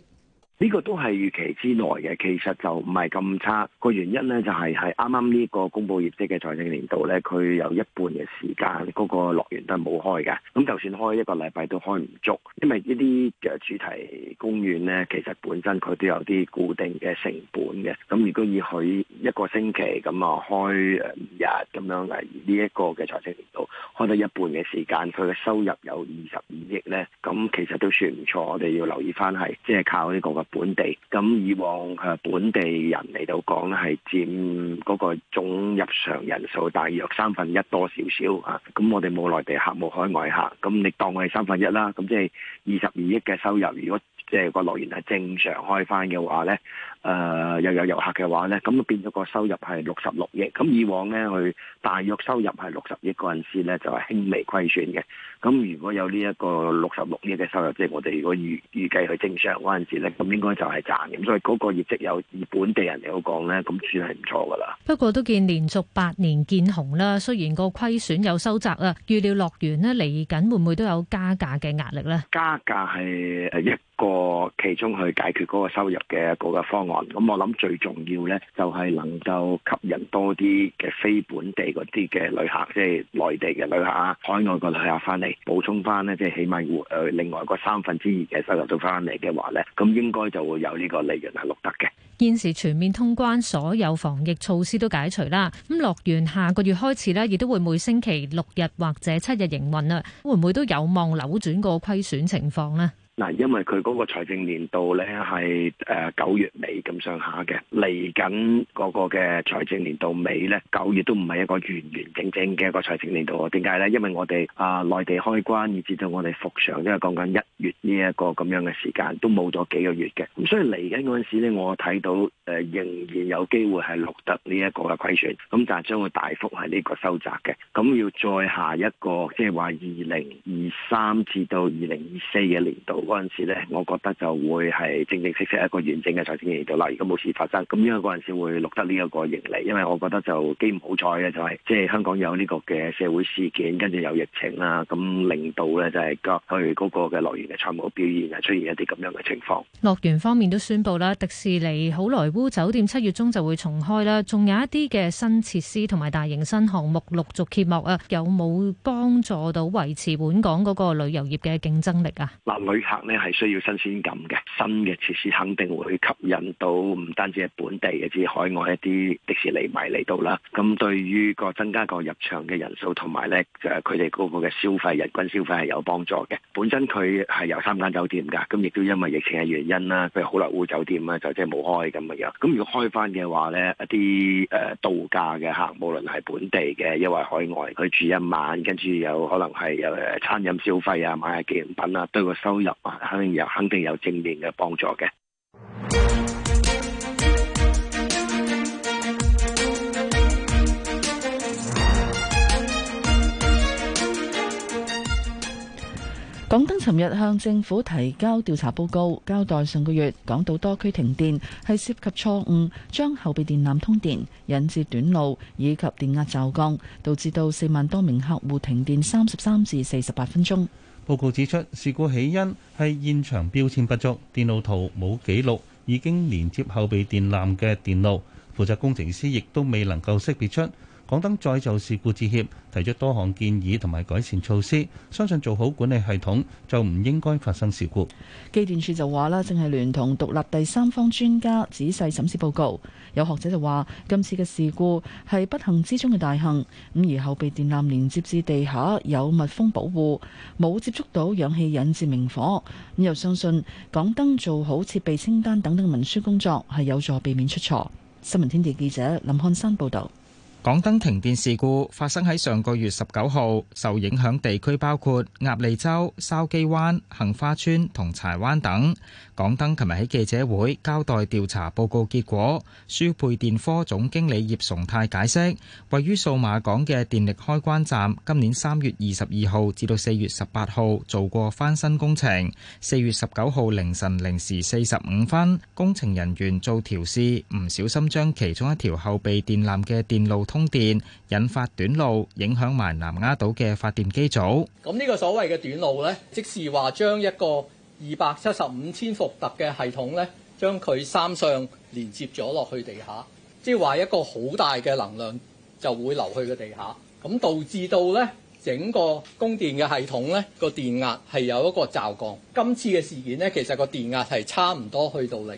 呢個都係預期之內嘅，其實就唔係咁差。個原因呢，就係係啱啱呢個公佈業績嘅財政年度呢，佢有一半嘅時間嗰個樂園都冇開嘅。咁就算開一個禮拜都開唔足，因為呢啲嘅主題公園呢，其實本身佢都有啲固定嘅成本嘅。咁如果以佢一個星期咁啊開誒五日咁樣嚟呢一個嘅財政年度開得一半嘅時間，佢嘅收入有二十二億呢。咁其實都算唔錯。我哋要留意翻係即係靠呢個本地咁以往誒本地人嚟到講咧，係佔嗰個總入場人數大約三分一多少少啊，咁我哋冇內地客冇海外客，咁你當係三分一啦，咁即係二十二億嘅收入，如果即係個樂園係正常開翻嘅話咧。誒、呃，又有遊客嘅話咧，咁變咗個收入係六十六億，咁以往咧，佢大約收入係六十億，嗰陣時咧就係、是、輕微虧損嘅，咁如果有呢一個六十六億嘅收入，即、就、係、是、我哋如果預預計去正常嗰陣時咧，咁應該就係賺嘅，咁所以嗰個業績有以本地人嚟講咧，咁算係唔錯噶啦。不過都見連續八年見紅啦，雖然個虧損有收窄啦，預料樂園咧嚟緊會唔會都有加價嘅壓力咧？加價係一個其中去解決嗰個收入嘅嗰個方法。咁我諗最重要咧，就係能夠吸引多啲嘅非本地嗰啲嘅旅客，即係內地嘅旅客、海外嘅旅客翻嚟，補充翻呢，即係起碼會誒，另外嗰三分之二嘅收入都翻嚟嘅話咧，咁應該就會有呢個利潤係錄得嘅。現時全面通關，所有防疫措施都解除啦。咁樂園下個月開始咧，亦都會每星期六日或者七日營運啦。會唔會都有望扭轉個虧損情況呢？嗱，因為佢嗰個財政年度咧係誒九月尾咁上下嘅，嚟緊嗰個嘅財政年度尾咧，九月都唔係一個完完整整嘅一個財政年度喎。點解咧？因為我哋啊內地開關，以至到我哋復常，因為講緊一月呢一個咁樣嘅時間，都冇咗幾個月嘅。咁所以嚟緊嗰陣時咧，我睇到誒、呃、仍然有機會係錄得呢一個嘅虧損，咁但係將會大幅係呢個收窄嘅。咁要再下一個，即係話二零二三至到二零二四嘅年度。嗰陣時咧，我覺得就會係正正式式一個完整嘅財政年度啦。如果冇事發生，咁因為嗰陣時會錄得呢一個盈利，因為我覺得就幾唔好彩嘅，就係即係香港有呢個嘅社會事件，跟住有疫情啦，咁令到咧就係過去嗰個嘅樂園嘅財務表現係出現一啲咁樣嘅情況。樂園方面都宣布啦，迪士尼、好萊塢酒店七月中就會重開啦，仲有一啲嘅新設施同埋大型新項目陸續揭幕啊。有冇幫助到維持本港嗰個旅遊業嘅競爭力啊？嗱，有有旅客咧係需要新鮮感嘅，新嘅設施肯定會吸引到唔單止係本地嘅，即係海外一啲迪士尼迷嚟到啦。咁對於個增加個入場嘅人數，同埋咧誒佢哋嗰個嘅消費，人均消費係有幫助嘅。本身佢係有三間酒店㗎，咁亦都因為疫情嘅原因啦，譬如好萊塢酒店咧就即係冇開咁嘅樣。咁如果開返嘅話咧，一啲誒度假嘅客，無論係本地嘅，抑或海外佢住一晚，跟住有可能係有誒餐飲消費啊，買下紀念品啊，對個收入。肯定有，肯定有正面嘅幫助嘅。港燈尋日向政府提交調查報告，交代上個月港島多區停電係涉及錯誤，將後備電纜通電，引致短路以及電壓驟降，導致到四萬多名客戶停電三十三至四十八分鐘。報告指出，事故起因係現場標籤不足，電路圖冇記錄，已經連接後備電纜嘅電路，負責工程師亦都未能夠識別出。港燈再就事故致歉，提出多項建議同埋改善措施，相信做好管理系統就唔應該發生事故。機電處就話啦，正係聯同獨立第三方專家仔細審視報告。有學者就話，今次嘅事故係不幸之中嘅大幸。咁而後備電纜連接至地下有，有密封保護，冇接觸到氧氣引致明火。咁又相信港燈做好設備清單等等文書工作，係有助避免出錯。新聞天地記者林漢山報道。港燈停電事故發生喺上個月十九號，受影響地區包括鴨脷洲、筲箕灣、杏花邨同柴灣等。港燈琴日喺記者會交代調查報告結果，輸配電科總經理葉崇泰解釋，位於數碼港嘅電力開關站今年三月二十二號至到四月十八號做過翻新工程，四月十九號凌晨零時四十五分，工程人員做調試，唔小心將其中一條後備電纜嘅電路通，供電引發短路，影響埋南丫島嘅發電機組。咁呢個所謂嘅短路呢，即是話將一個二百七十五千伏特嘅系統呢，將佢三相連接咗落去地下，即係話一個好大嘅能量就會流去個地下，咁導致到呢整個供電嘅系統呢個電壓係有一個驟降。今次嘅事件呢，其實個電壓係差唔多去到零。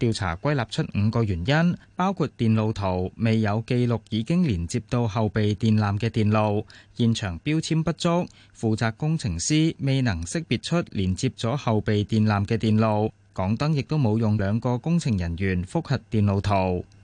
調查歸納出五個原因，包括電路圖未有記錄已經連接到後備電纜嘅電路、現場標籤不足、負責工程師未能識別出連接咗後備電纜嘅電路、港燈亦都冇用兩個工程人員複核電路圖。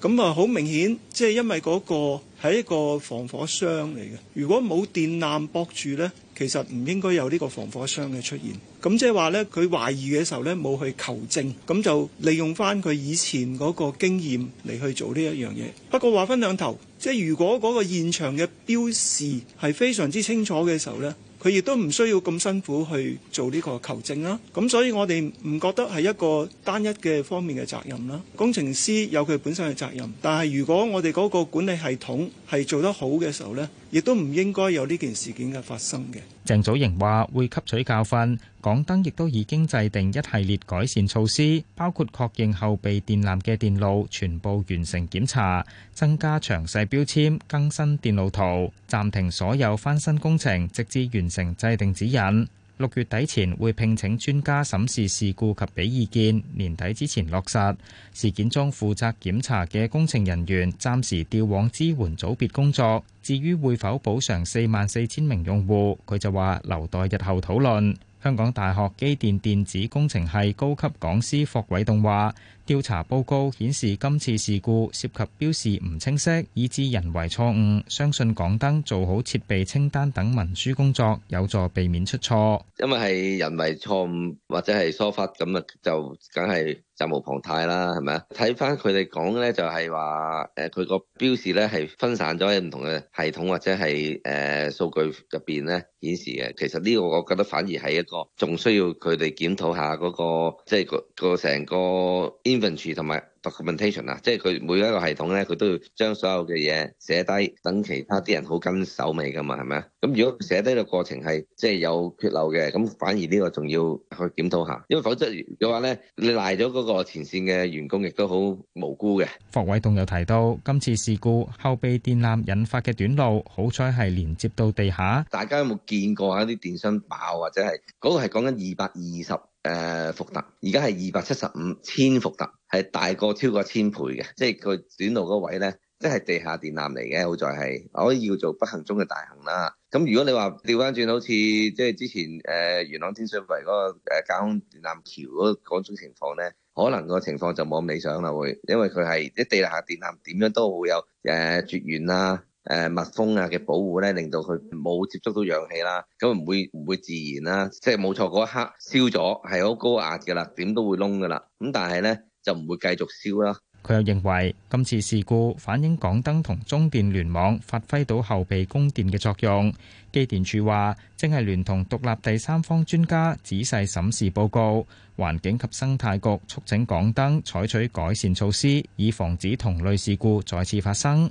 咁啊，好、嗯、明顯，即係因為嗰個係一個防火箱嚟嘅，如果冇電纜駁住呢，其實唔應該有呢個防火箱嘅出現。咁、嗯、即係話呢，佢懷疑嘅時候呢，冇去求證，咁、嗯、就利用翻佢以前嗰個經驗嚟去做呢一樣嘢。不過話分兩頭，即係如果嗰個現場嘅標示係非常之清楚嘅時候呢，佢亦都唔需要咁辛苦去做呢個求證啦，咁所以我哋唔覺得係一個單一嘅方面嘅責任啦。工程師有佢本身嘅責任，但係如果我哋嗰個管理系統係做得好嘅時候咧，亦都唔應該有呢件事件嘅發生嘅。鄭祖瑩話會吸取教訓，港燈亦都已經制定一系列改善措施，包括確認後備電纜嘅電路全部完成檢查，增加詳細標籤，更新電路圖，暫停所有翻新工程，直至完成制定指引。六月底前會聘請專家審視事故及俾意見，年底之前落實。事件中負責檢查嘅工程人員暫時調往支援組別工作。至於會否補償四萬四千名用戶，佢就話留待日後討論。香港大學機電電子工程系高級講師霍偉棟話：調查報告顯示，今次事故涉及標示唔清晰，以致人為錯誤。相信港燈做好設備清單等文書工作，有助避免出錯。因為係人為錯誤或者係疏忽咁啊，就梗係。責無旁貸啦，係咪啊？睇翻佢哋講咧，就係話誒，佢個標示咧係分散咗喺唔同嘅系統或者係誒、呃、數據入邊咧顯示嘅。其實呢個，我覺得反而係一個仲需要佢哋檢討下嗰、那個，即、就、係、是、個個成個 inventory 同埋。啊，即係佢每一個系統咧，佢都要將所有嘅嘢寫低，等其他啲人好跟手尾噶嘛，係咪啊？咁如果寫低嘅過程係即係有缺漏嘅，咁反而呢個仲要去檢討下，因為否則嘅話咧，你賴咗嗰個前線嘅員工亦都好無辜嘅。霍偉棟又提到，今次事故後備電纜引發嘅短路，好彩係連接到地下。大家有冇見過啊？啲電箱爆、啊、或者係嗰、嗰個係講緊二百二十。誒、呃、伏特而家係二百七十五千伏特，係大過超過千倍嘅。即係佢短路嗰位呢，即係地下電纜嚟嘅，好在係可以叫做不幸中嘅大幸啦。咁、嗯、如果你話調返轉，好似即係之前誒、呃、元朗天水圍嗰、那個誒架空電纜橋嗰、那個、種情況呢，可能個情況就冇咁理想啦，會因為佢係啲地下電纜點樣都會有誒、呃、絕緣啦。誒密封啊嘅保護咧，令到佢冇接觸到氧氣啦，咁唔會唔會自燃啦，即係冇錯嗰一刻燒咗，係好高壓嘅啦，點都會窿嘅啦。咁但係咧就唔會繼續燒啦。佢又認為今次事故反映港燈同中電聯網發揮到後備供電嘅作用。機電處話正係聯同獨立第三方專家仔細審視報告，環境及生態局促請港燈採取改善措施，以防止同類事故再次發生。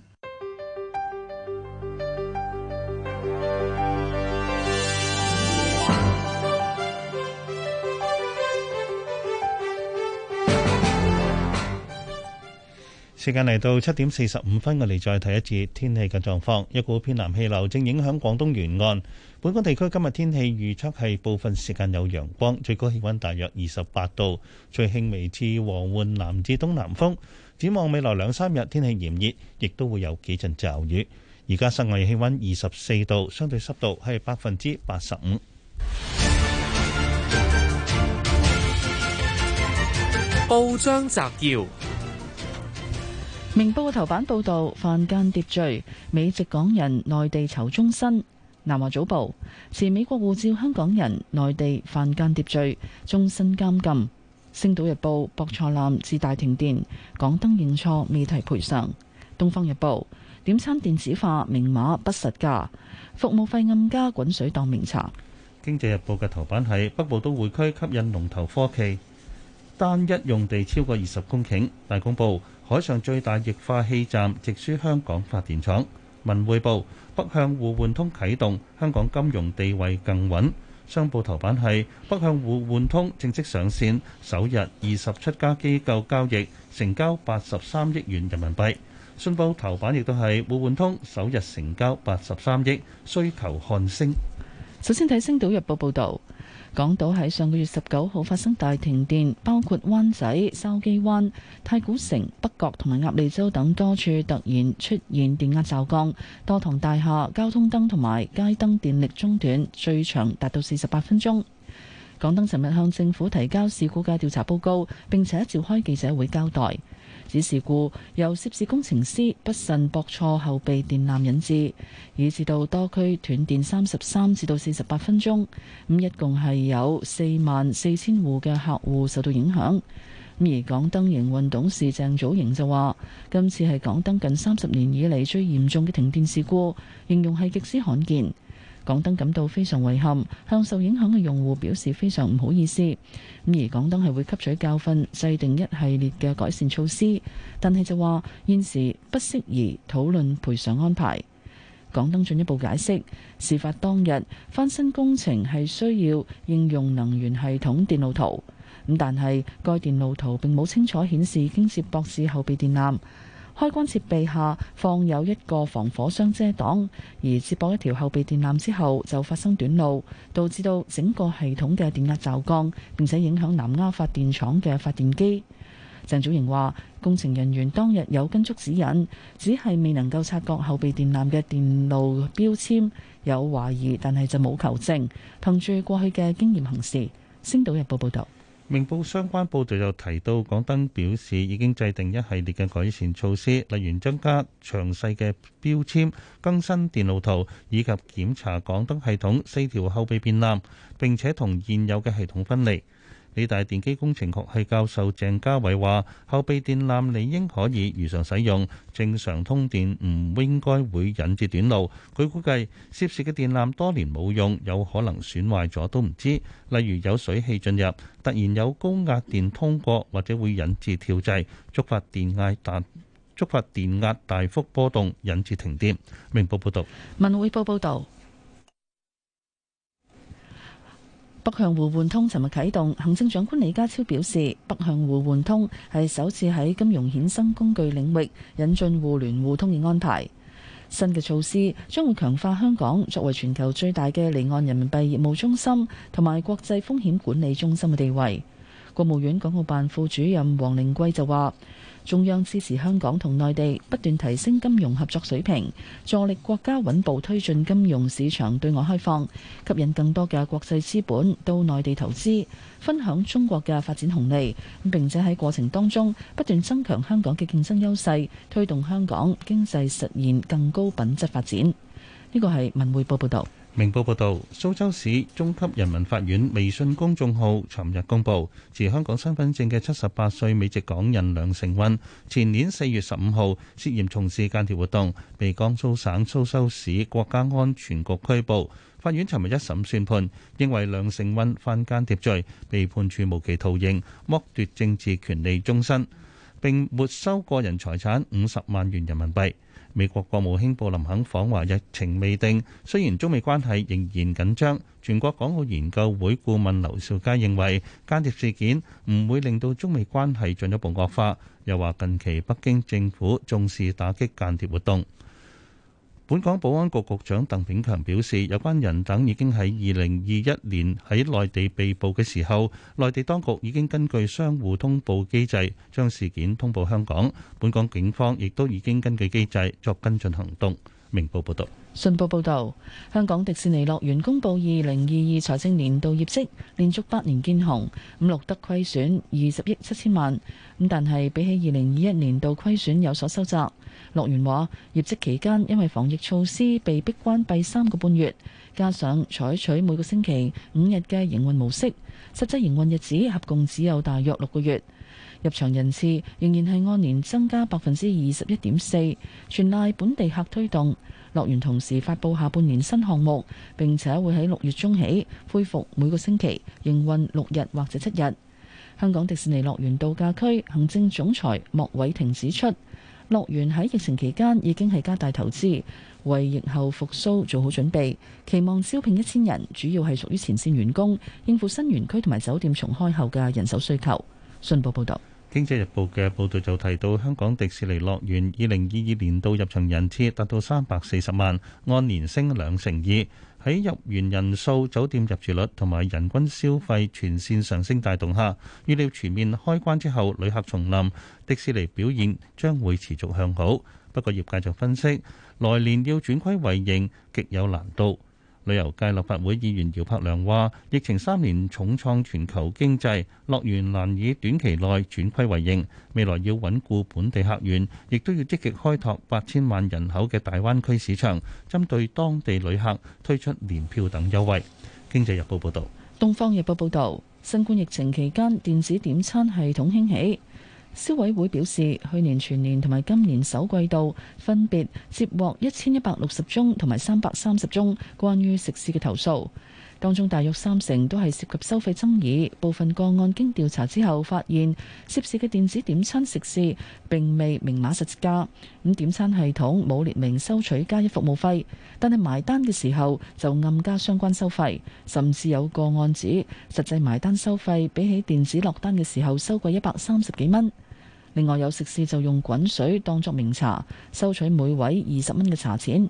時間嚟到七點四十五分，我哋再睇一次天氣嘅狀況。一股偏南氣流正影響廣東沿岸，本港地區今日天氣預測係部分時間有陽光，最高氣溫大約二十八度，最輕微至和緩南至東南風。展望未來兩三日天氣炎熱，亦都會有幾陣驟雨。而家室外氣溫二十四度，相對濕度係百分之八十五。報章摘要。明報嘅頭版報道，犯間諜罪，美籍港人內地囚終身。南華早報，持美國護照香港人內地犯間諜罪，終身監禁。星島日報，駁錯纜致大停電，港燈認錯未提賠償。東方日報，點餐電子化，明碼不實價，服務費暗加滾水當明茶。經濟日報嘅頭版喺北部都會區吸引龍頭科技，單一用地超過二十公頃。大公報。海上最大液化氣站直輸香港發電廠。文匯報，北向互換通啟動，香港金融地位更穩。商報頭版係北向互換通正式上線，首日二十七家機構交易，成交八十三億元人民幣。信報頭版亦都係互換通首日成交八十三億，需求看升。首先睇《星島日報》報導。港島喺上個月十九號發生大停電，包括灣仔、筲箕灣、太古城、北角同埋鴨脷洲等多處突然出現電壓驟降，多幢大廈、交通燈同埋街燈電力中斷，最長達到四十八分鐘。港燈尋日向政府提交事故嘅調查報告，並且召開記者會交代。指事故由涉事工程師不慎駁錯後備電纜引致，以致到多區斷電三十三至到四十八分鐘，咁一共係有四萬四千戶嘅客戶受到影響。而港燈營運董事鄭祖瑩就話，今次係港燈近三十年以嚟最嚴重嘅停電事故，形容係極之罕見。港燈感到非常遺憾，向受影響嘅用戶表示非常唔好意思。咁而港燈係會吸取教訓，制定一系列嘅改善措施，但係就話現時不適宜討論賠償安排。港燈進一步解釋，事發當日翻新工程係需要應用能源系統電路圖，咁但係該電路圖並冇清楚顯示經涉博士後備電纜。開關設備下放有一個防火箱遮擋，而接駁一條後備電纜之後就發生短路，導致到整個系統嘅電壓驟降，並且影響南丫發電廠嘅發電機。鄭祖瑩話：工程人員當日有跟足指引，只係未能夠察覺後備電纜嘅電路標籤有懷疑，但係就冇求證，憑住過去嘅經驗行事。《星島日報》報道。明報相關報導就提到，港燈表示已經制定一系列嘅改善措施，例如增加詳細嘅標籤、更新電路圖以及檢查港燈系統四條後備變纜，並且同現有嘅系統分離。理大電機工程學系教授鄭家偉話：後備電纜理應可以如常使用，正常通電唔應該會引致短路。佢估計涉事嘅電纜多年冇用，有可能損壞咗都唔知。例如有水汽進入，突然有高壓電通過，或者會引致跳掣，觸發電壓大，觸發電壓大幅波動，引致停電。明報報道。文匯報報導。北向互換通尋日啟動，行政長官李家超表示，北向互換通係首次喺金融衍生工具領域引進互聯互通嘅安排。新嘅措施將會強化香港作為全球最大嘅離岸人民幣業務中心同埋國際風險管理中心嘅地位。國務院港澳辦副主任黃寧貴就話。中央支持香港同內地不斷提升金融合作水平，助力國家穩步推進金融市場對外開放，吸引更多嘅國際資本到內地投資，分享中國嘅發展紅利。並且喺過程當中不斷增強香港嘅競爭優勢，推動香港經濟實現更高品質發展。呢個係文匯報報道。明報報導，蘇州市中級人民法院微信公眾號尋日公布，持香港身份證嘅七十八歲美籍港人梁成運，前年四月十五號涉嫌從事間諜活動，被江蘇省蘇州市國家安全局拘捕。法院尋日一審宣判，認為梁成運犯間諜罪，被判處無期徒刑、剝奪政治權利終身，並沒收個人財產五十萬元人民幣。美國國務卿布林肯訪華日程未定，雖然中美關係仍然緊張。全國港澳研究會顧問劉兆佳認為，間諜事件唔會令到中美關係進一步惡化，又話近期北京政府重視打擊間諜活動。本港保安局局長鄧炳強表示，有關人等已經喺二零二一年喺內地被捕嘅時候，內地當局已經根據相互通報機制將事件通報香港，本港警方亦都已經根據機制作跟進行動，明報報道，信報報道，香港迪士尼樂園公布二零二二財政年度業績，連續八年見紅，五錄得虧損二十億七千萬。咁但係比起二零二一年度虧損有所收窄，樂園話業績期間因為防疫措施被逼關閉三個半月，加上採取每個星期五日嘅營運模式，實際營運日子合共只有大約六個月。入場人次仍然係按年增加百分之二十一點四，全賴本地客推動。樂園同時發佈下半年新項目，並且會喺六月中起恢復每個星期營運六日或者七日。香港迪士尼樂園度假區行政總裁莫偉霆指出，樂園喺疫情期間已經係加大投資，為疫後復蘇做好準備，期望招聘一千人，主要係屬於前線員工，應付新園區同埋酒店重開後嘅人手需求。信報報道，經濟日報嘅報道就提到，香港迪士尼樂園二零二二年度入場人次達到三百四十萬，按年升兩成二。喺入園人數、酒店入住率同埋人均消費全線上升帶動下，預料全面開關之後，旅客重臨，迪士尼表現將會持續向好。不過，業界就分析，來年要轉虧為盈，極有難度。旅遊界立法會議員姚柏良話：疫情三年重創全球經濟，樂園難以短期內轉虧為盈。未來要穩固本地客源，亦都要積極開拓八千萬人口嘅大灣區市場，針對當地旅客推出年票等優惠。經濟日報報道：東方日報報道，新冠疫情期間電子點餐系統興起。消委會表示，去年全年同埋今年首季度分別接獲一千一百六十宗同埋三百三十宗關於食肆嘅投訴，當中大約三成都係涉及收費爭議，部分個案經調查之後發現涉事嘅電子點餐食肆並未明碼實價，咁點餐系統冇列明收取加一服務費，但係埋單嘅時候就暗加相關收費，甚至有個案指實際埋單收費比起電子落單嘅時候收貴一百三十幾蚊。另外有食肆就用滾水當作名茶，收取每位二十蚊嘅茶錢。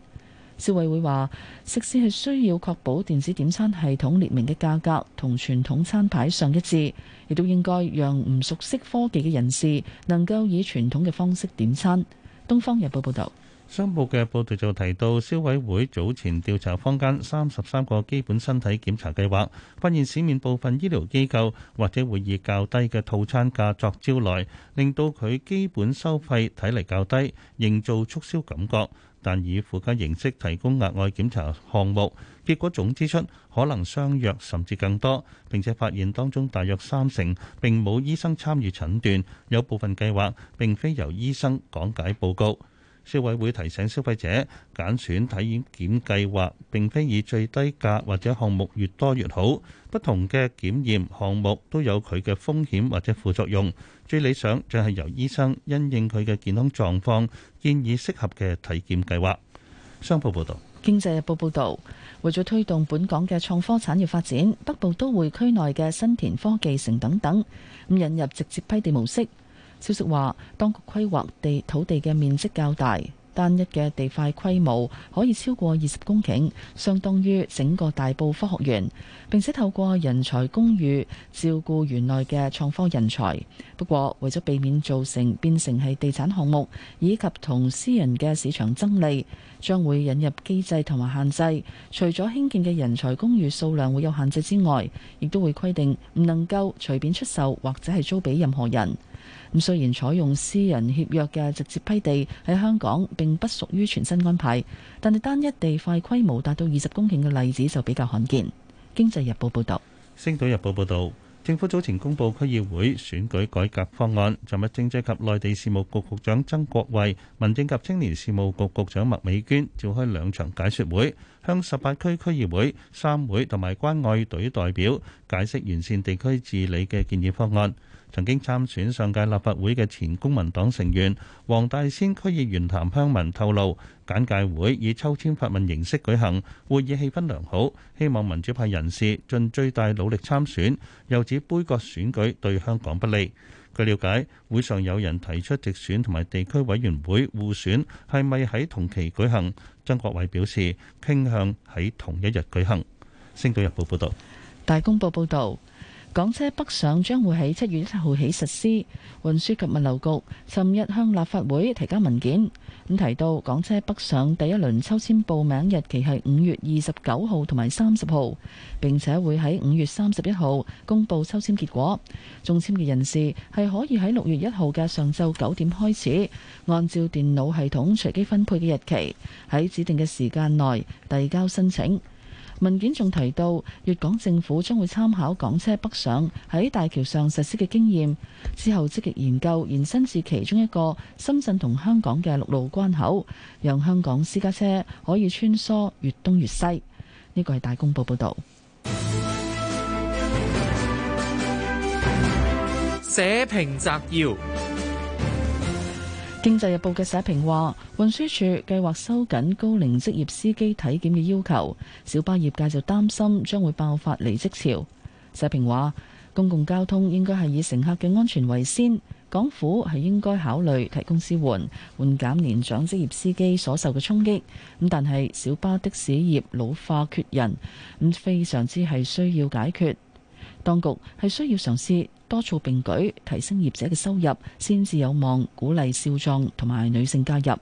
消委會話，食肆係需要確保電子點餐系統列明嘅價格同傳統餐牌上一致，亦都應該讓唔熟悉科技嘅人士能夠以傳統嘅方式點餐。《東方日報》報道。商報嘅報道就提到，消委會早前調查坊間三十三個基本身體檢查計劃，發現市面部分醫療機構或者會以較低嘅套餐價作招來，令到佢基本收費睇嚟較低，營造促銷感覺，但以附加形式提供額外檢查項目，結果總支出可能相若甚至更多。並且發現當中大約三成並冇醫生參與診斷，有部分計劃並非由醫生講解報告。消委會提醒消費者，揀選，選體檢計劃並非以最低價或者項目越多越好。不同嘅檢驗項目都有佢嘅風險或者副作用。最理想就係由醫生因應佢嘅健康狀況，建議適合嘅體檢計劃。商報報導，《經濟日報》報導，為咗推動本港嘅創科產業發展，北部都會區內嘅新田科技城等等，咁引入直接批地模式。消息話，當局規劃地土地嘅面積較大，單一嘅地塊規模可以超過二十公頃，相當於整個大埔科學園。並且透過人才公寓照顧園內嘅創科人才。不過，為咗避免造成變成係地產項目，以及同私人嘅市場爭利，將會引入機制同埋限制。除咗興建嘅人才公寓數量會有限制之外，亦都會規定唔能夠隨便出售或者係租俾任何人。咁雖然採用私人協約嘅直接批地喺香港並不屬於全新安排，但係單一地塊規模達到二十公頃嘅例子就比較罕見。經濟日報報導。星島日報報導，政府早前公布區議會選舉改革方案，尋日政制及內地事務局局長曾國衛、民政及青年事務局局長麥美娟召開兩場解說會，向十八區區議會、三會同埋關愛隊代表解釋完善地區治理嘅建議方案。曾經參選上屆立法會嘅前公民黨成員黃大仙區議員譚香文透露，簡介會以抽籤發問形式舉行，會議氣氛良好，希望民主派人士盡最大努力參選。又指杯葛選舉對香港不利。據了解，會上有人提出直選同埋地區委員會互選係咪喺同期舉行？曾國偉表示傾向喺同一日舉行。星島日報報道。大公報報導。港車北上將會喺七月一號起實施，運輸及物流局尋日向立法會提交文件，咁提到港車北上第一輪抽籤報名日期係五月二十九號同埋三十號，並且會喺五月三十一號公佈抽籤結果。中籤嘅人士係可以喺六月一號嘅上晝九點開始，按照電腦系統隨機分配嘅日期，喺指定嘅時間內遞交申請。文件仲提到，粵港政府將會參考港車北上喺大橋上實施嘅經驗，之後積極研究延伸至其中一個深圳同香港嘅陸路關口，讓香港私家車可以穿梭粵東粵西。呢個係大公報報導。寫評摘要。經濟日報嘅社評話，運輸署計劃收緊高齡職業司機體檢嘅要求，小巴業界就擔心將會爆發離職潮。社評話，公共交通應該係以乘客嘅安全為先，港府係應該考慮提供支援，緩減年長職業司機所受嘅衝擊。咁但係小巴的士業老化缺人，咁非常之係需要解決。當局係需要嘗試多措並舉，提升業者嘅收入，先至有望鼓勵少壯同埋女性加入。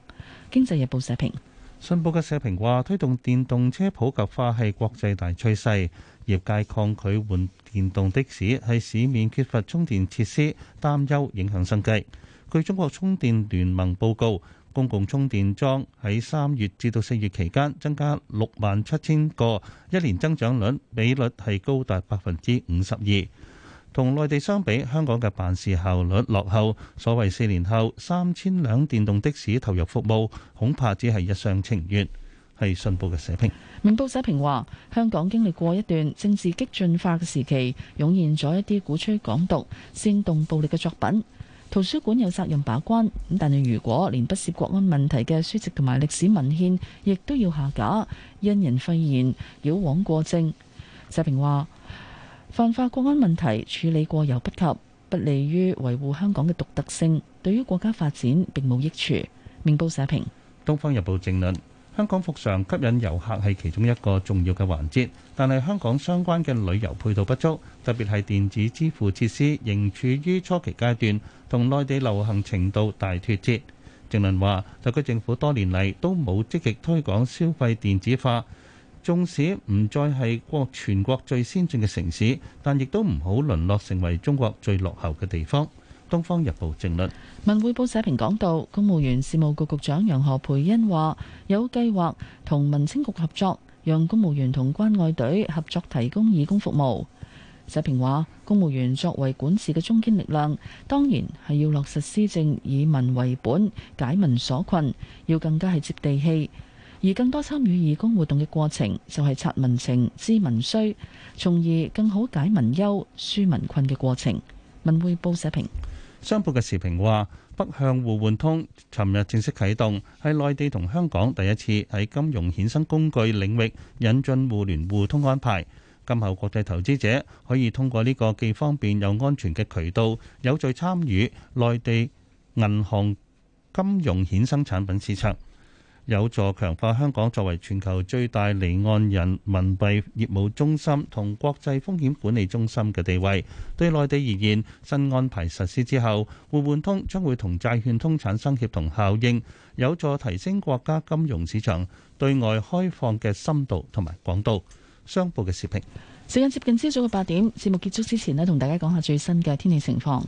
經濟日報社評，信報嘅社評話：推動電動車普及化係國際大趨勢，業界抗拒換電動的士，係市面缺乏充電設施，擔憂影響生計。據中國充電聯盟報告，公共充電樁喺三月至到四月期間增加六萬七千個，一年增長率比率係高達百分之五十二。同內地相比，香港嘅辦事效率落後。所謂四年後三千輛電動的士投入服務，恐怕只係一廂情願。係信報嘅社評，明報社評話：香港經歷過一段政治激進化嘅時期，湧現咗一啲鼓吹港獨、煽動暴力嘅作品。圖書館有責任把關，咁但係如果連不涉國安問題嘅書籍同埋歷史文獻，亦都要下架，因人廢言、矯枉過正，社評話：泛化國安問題處理過猶不及，不利於維護香港嘅獨特性，對於國家發展並冇益處。明報社評，《東方日報》政論。香港復常吸引遊客係其中一個重要嘅環節，但係香港相關嘅旅遊配套不足，特別係電子支付設施仍處於初期階段，同內地流行程度大脱節，鄭倫話特區政府多年嚟都冇積極推廣消費電子化，縱使唔再係國全國最先進嘅城市，但亦都唔好淪落成為中國最落後嘅地方。《東方日報》正論文匯報社評講到，公務員事務局局長楊何蓓茵話：有計劃同民青局合作，讓公務員同關愛隊合作提供義工服務。社評話：公務員作為管治嘅中堅力量，當然係要落實施政以民為本，解民所困，要更加係接地氣。而更多參與義工活動嘅過程，就係、是、察民情、知民需，從而更好解民憂、紓民困嘅過程。文匯報社評。商報嘅時評話：北向互換通尋日正式啟動，係內地同香港第一次喺金融衍生工具領域引進互聯互通安排。今後國際投資者可以通過呢個既方便又安全嘅渠道，有序參與內地銀行金融衍生產品市場。有助強化香港作為全球最大離岸人民幣業務中心同國際風險管理中心嘅地位。對內地而言，新安排實施之後，互換通將會同債券通產生協同效應，有助提升國家金融市場對外開放嘅深度同埋廣度。商報嘅視頻。時間接近朝早嘅八點，節目結束之前呢，同大家講下最新嘅天氣情況。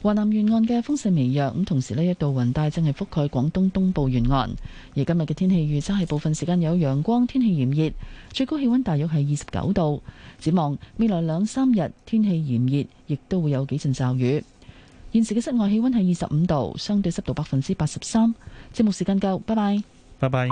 華南沿岸嘅風勢微弱，咁同時呢一道雲帶正係覆蓋廣東東部沿岸。而今日嘅天氣預測係部分時間有陽光，天氣炎熱，最高氣温大約係二十九度。展望未來兩三日天氣炎熱，亦都會有幾陣驟雨。現時嘅室外氣温係二十五度，相對濕度百分之八十三。節目時間夠，拜拜。拜拜。